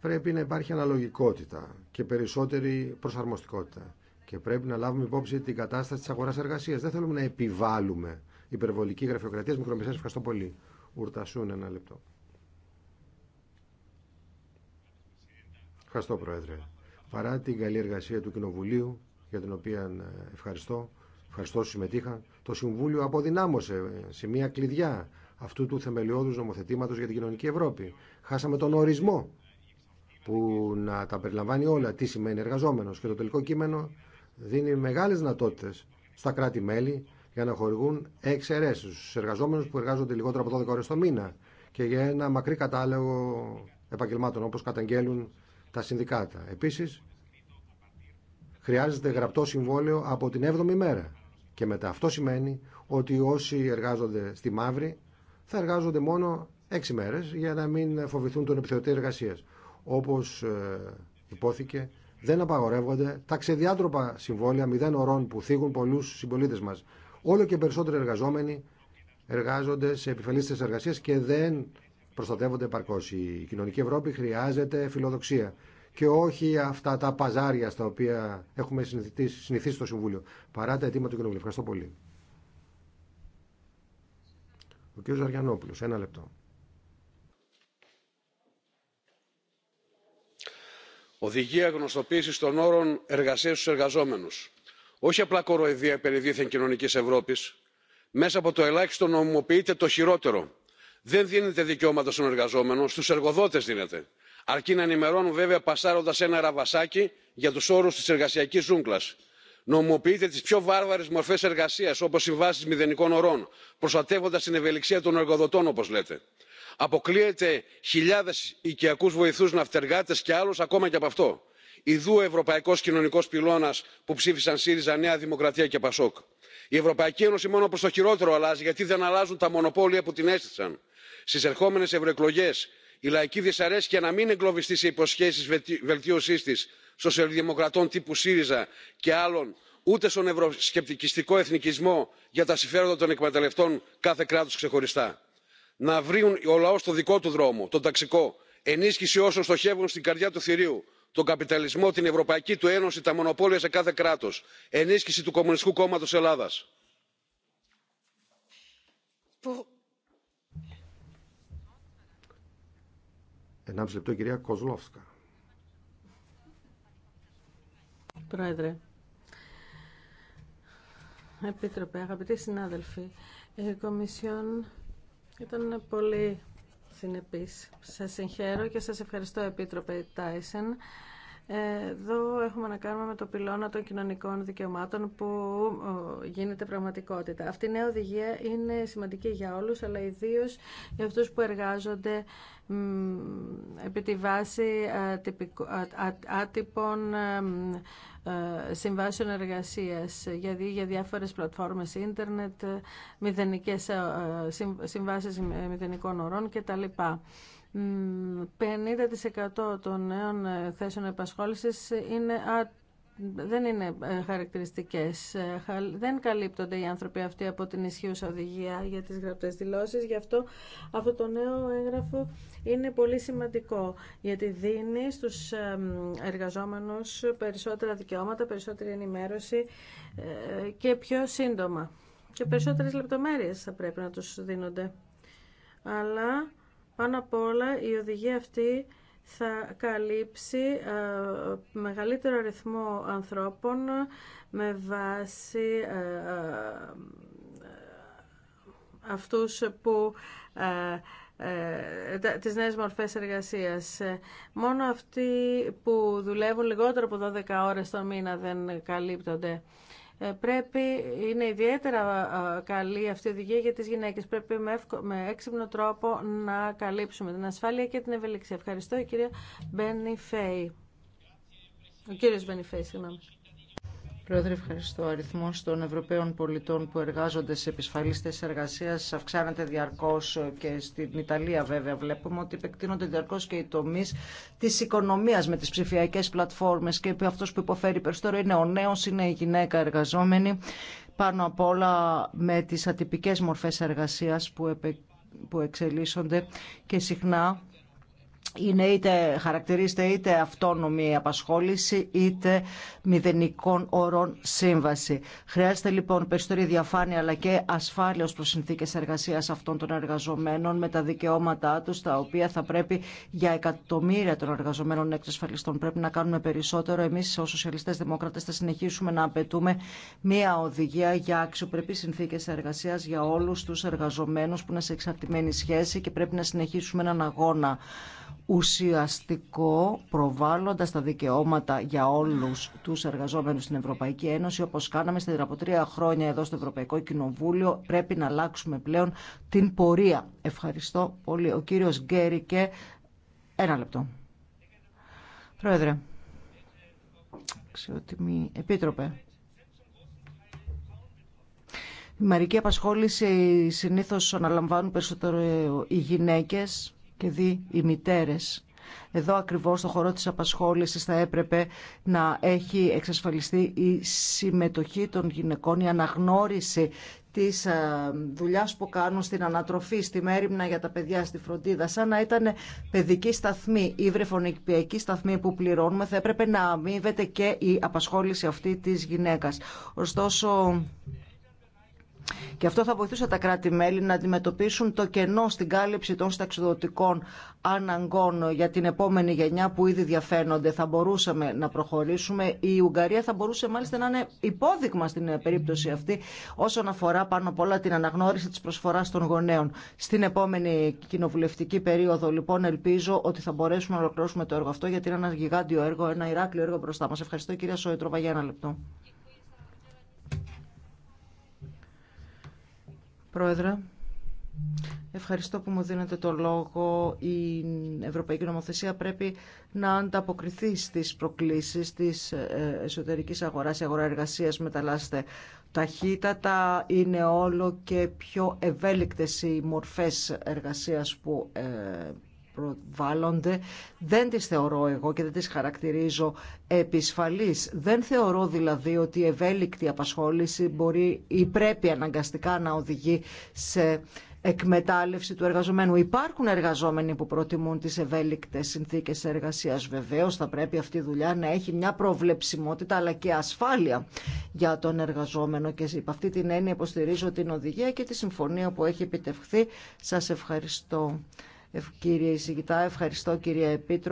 Πρέπει να υπάρχει αναλογικότητα και περισσότερη προσαρμοστικότητα. Και πρέπει να λάβουμε υπόψη την κατάσταση τη αγορά-εργασία. Δεν θέλουμε να επιβάλλουμε υπερβολική γραφειοκρατία μικρομεσαίε. Ευχαριστώ πολύ. Ουρτασούν ένα λεπτό. Ευχαριστώ, Πρόεδρε. Παρά την καλή εργασία του Κοινοβουλίου, για την οποία ε, ευχαριστώ, ευχαριστώ όσου συμμετείχαν, το Συμβούλιο αποδυνάμωσε ε, σε μία κλειδιά αυτού του θεμελιώδους νομοθετήματος για την κοινωνική Ευρώπη. Χάσαμε τον ορισμό που να τα περιλαμβάνει όλα τι σημαίνει εργαζόμενος και το τελικό κείμενο δίνει μεγάλες δυνατότητες στα κράτη-μέλη για να χορηγούν εξαιρέσει στου εργαζόμενου που εργάζονται λιγότερο από 12 ώρες το μήνα και για ένα μακρύ κατάλογο επαγγελμάτων όπω καταγγέλουν τα συνδικάτα. Επίση, χρειάζεται γραπτό συμβόλαιο από την 7η μέρα και μετά. Αυτό σημαίνει ότι όσοι εργάζονται στη μαύρη θα εργάζονται μόνο 6 μέρε για να μην φοβηθούν τον επιθεωτή εργασία. Όπω ε, υπόθηκε, δεν απαγορεύονται, τα ξεδιάτροπα συμβόλαια μηδέν ωρών που θίγουν πολλού συμπολίτε μα. Όλο και περισσότεροι εργαζόμενοι εργάζονται σε επιφελεί εργασίες και δεν προστατεύονται επαρκώ. Η κοινωνική Ευρώπη χρειάζεται φιλοδοξία και όχι αυτά τα παζάρια στα οποία έχουμε συνηθίσει στο Συμβούλιο. Παρά τα αιτήματα του Κοινοβουλίου. Ευχαριστώ πολύ. Ο κ. ένα λεπτό. οδηγία γνωστοποίησης των όρων εργασίας στους εργαζόμενους όχι απλά κοροϊδία περί δίθεν κοινωνικής ευρώπης μέσα από το ελάχιστο νομιμοποιείται το χειρότερο δεν δίνεται δικαιώματα στον εργαζόμενο στους εργοδότες δίνεται αρκεί να ενημερώνουν βέβαια πασάροντας ένα ραβασάκι για τους όρους της εργασιακής ζούγκλας. νομιμοποιείται τις πιο βάρβαρες μορφές εργασίας όπως συμβάσει μηδενικών ωρών προστατεύοντας την ευελιξία των εργοδοτών όπως λέτε αποκλείεται χιλιάδες οικιακούς βοηθούς ναυτεργάτες και άλλους ακόμα και από αυτό. ιδού ο ευρωπαϊκός κοινωνικός πυλώνας που ψήφισαν σύριζα νέα δημοκρατία και πασόκ. η ευρωπαϊκή ένωση μόνο προς το χειρότερο αλλάζει γιατί δεν αλλάζουν τα μονοπόλια που την έστησαν. στις ερχόμενες ευρωεκλογέ η λαϊκή δυσαρέσκεια να μην εγκλωβιστεί σε υποσχέσεις βελτίωσή τη σοσιαλδημοκρατών τύπου σύριζα και άλλων ούτε στον ευρωσκεπτικιστικό εθνικισμό για τα συμφέροντα των εκμεταλλευτών κάθε κράτους ξεχωριστά να βρει ο λαό το δικό του δρόμο τον ταξικό ενίσχυση όσων στοχεύουν στην καρδιά του θηρίου τον καπιταλισμό την ευρωπαϊκή του ένωση τα μονοπόλια σε κάθε κράτος ενίσχυση του κομμουνιστικού κόμματο ελλάδας. κυρία Πρόεδρε, Επίτροπε, αγαπητοί συνάδελφοι, η Κομισιόν ήταν πολύ συνεπής. Σας συγχαίρω και σας ευχαριστώ Επίτροπε Τάισεν. Εδώ έχουμε να κάνουμε με το πυλώνα των κοινωνικών δικαιωμάτων που γίνεται πραγματικότητα. Αυτή η νέα οδηγία είναι σημαντική για όλους, αλλά ιδίως για αυτούς που εργάζονται επί τη βάση ε, άτυπων ε, συμβάσεων εργασίας για διάφορες πλατφόρμες ίντερνετ, μηδενικές ε, συμβάσεις μηδενικών ορών κτλ. 50% των νέων ε, θέσεων επασχόλησης είναι δεν είναι ε, χαρακτηριστικές. Ε, δεν καλύπτονται οι άνθρωποι αυτοί από την ισχύουσα οδηγία για τις γραπτές δηλώσεις. Γι' αυτό αυτό το νέο έγγραφο είναι πολύ σημαντικό, γιατί δίνει στους εργαζόμενους περισσότερα δικαιώματα, περισσότερη ενημέρωση και πιο σύντομα. Και περισσότερες λεπτομέρειες θα πρέπει να τους δίνονται. Αλλά πάνω απ' όλα η οδηγία αυτή θα καλύψει ε, μεγαλύτερο αριθμό ανθρώπων με βάση ε, ε, αυτούς που τις νέες μορφές εργασίας. Μόνο αυτοί που δουλεύουν λιγότερο από 12 ώρες το μήνα δεν καλύπτονται. Ε, πρέπει, είναι ιδιαίτερα καλή αυτή η οδηγία για τις γυναίκες. Πρέπει με, με έξυπνο τρόπο να καλύψουμε την ασφάλεια και την ευελιξία. Ευχαριστώ, η κυρία Μπένι Φέη. Ο κύριος Μπένι Φέη, συγγνώμη. Πρόεδρε, ευχαριστώ. Ο αριθμό των Ευρωπαίων πολιτών που εργάζονται σε επισφαλεί θέσει εργασία αυξάνεται διαρκώ και στην Ιταλία, βέβαια, βλέπουμε ότι επεκτείνονται διαρκώ και οι τομεί τη οικονομία με τι ψηφιακέ πλατφόρμε και αυτό που υποφέρει περισσότερο είναι ο νέο, είναι η γυναίκα εργαζόμενη. Πάνω απ' όλα με τι ατυπικέ μορφέ εργασία που, επε... που εξελίσσονται και συχνά είναι είτε χαρακτηρίζεται είτε αυτόνομη απασχόληση είτε μηδενικών όρων σύμβαση. Χρειάζεται λοιπόν περισσότερη διαφάνεια αλλά και ασφάλεια ως προς συνθήκες εργασίας αυτών των εργαζομένων με τα δικαιώματά τους τα οποία θα πρέπει για εκατομμύρια των εργαζομένων εξασφαλιστών. Πρέπει να κάνουμε περισσότερο. Εμείς ως σοσιαλιστές δημοκράτες θα συνεχίσουμε να απαιτούμε μία οδηγία για αξιοπρεπείς συνθήκες εργασίας για όλους τους εργαζομένους που είναι σε εξαρτημένη σχέση και πρέπει να συνεχίσουμε έναν αγώνα ουσιαστικό προβάλλοντας τα δικαιώματα για όλους τους εργαζόμενους στην Ευρωπαϊκή Ένωση όπως κάναμε στην από τρία χρόνια εδώ στο Ευρωπαϊκό Κοινοβούλιο πρέπει να αλλάξουμε πλέον την πορεία. Ευχαριστώ πολύ. Ο κύριος Γκέρικε, ένα λεπτό. Πρόεδρε, αξιότιμη επίτροπε. Η μερική απασχόληση συνήθως αναλαμβάνουν περισσότερο οι γυναίκες και δι οι μητέρες. Εδώ ακριβώς το χώρο της απασχόλησης θα έπρεπε να έχει εξασφαλιστεί η συμμετοχή των γυναικών, η αναγνώριση της ε, δουλειάς που κάνουν στην ανατροφή, στη μέρημνα για τα παιδιά, στη φροντίδα, σαν να ήταν παιδική σταθμή ή βρεφονικπιακή σταθμή που πληρώνουμε, θα έπρεπε να αμείβεται και η απασχόληση αυτή της γυναίκας. Ωστόσο, και αυτό θα βοηθούσε τα κράτη-μέλη να αντιμετωπίσουν το κενό στην κάλυψη των σταξιδοτικών αναγκών για την επόμενη γενιά που ήδη διαφαίνονται. Θα μπορούσαμε να προχωρήσουμε. Η Ουγγαρία θα μπορούσε μάλιστα να είναι υπόδειγμα στην περίπτωση αυτή όσον αφορά πάνω απ' όλα την αναγνώριση της προσφοράς των γονέων. Στην επόμενη κοινοβουλευτική περίοδο λοιπόν ελπίζω ότι θα μπορέσουμε να ολοκληρώσουμε το έργο αυτό γιατί είναι ένα γιγάντιο έργο, ένα Ηράκλειο έργο μπροστά μα. Ευχαριστώ κυρία Σόιτροβα για ένα λεπτό. Πρόεδρε, ευχαριστώ που μου δίνετε το λόγο. Η Ευρωπαϊκή Νομοθεσία πρέπει να ανταποκριθεί στις προκλήσεις της ε, εσωτερικής αγοράς. Η αγορά εργασίας μεταλλάσσεται ταχύτατα, είναι όλο και πιο ευέλικτες οι μορφές εργασίας που ε, προβάλλονται δεν τις θεωρώ εγώ και δεν τις χαρακτηρίζω επισφαλείς. Δεν θεωρώ δηλαδή ότι η ευέλικτη απασχόληση μπορεί ή πρέπει αναγκαστικά να οδηγεί σε εκμετάλλευση του εργαζομένου. Υπάρχουν εργαζόμενοι που προτιμούν τις ευέλικτες συνθήκες εργασίας. Βεβαίως θα πρέπει αυτή η δουλειά να έχει μια προβλεψιμότητα αλλά και ασφάλεια για τον εργαζόμενο και υπ' αυτή την έννοια υποστηρίζω την οδηγία και τη συμφωνία που έχει επιτευχθεί. Σας ευχαριστώ κύριε Ισηγητά, ευχαριστώ κύριε επίτροπε.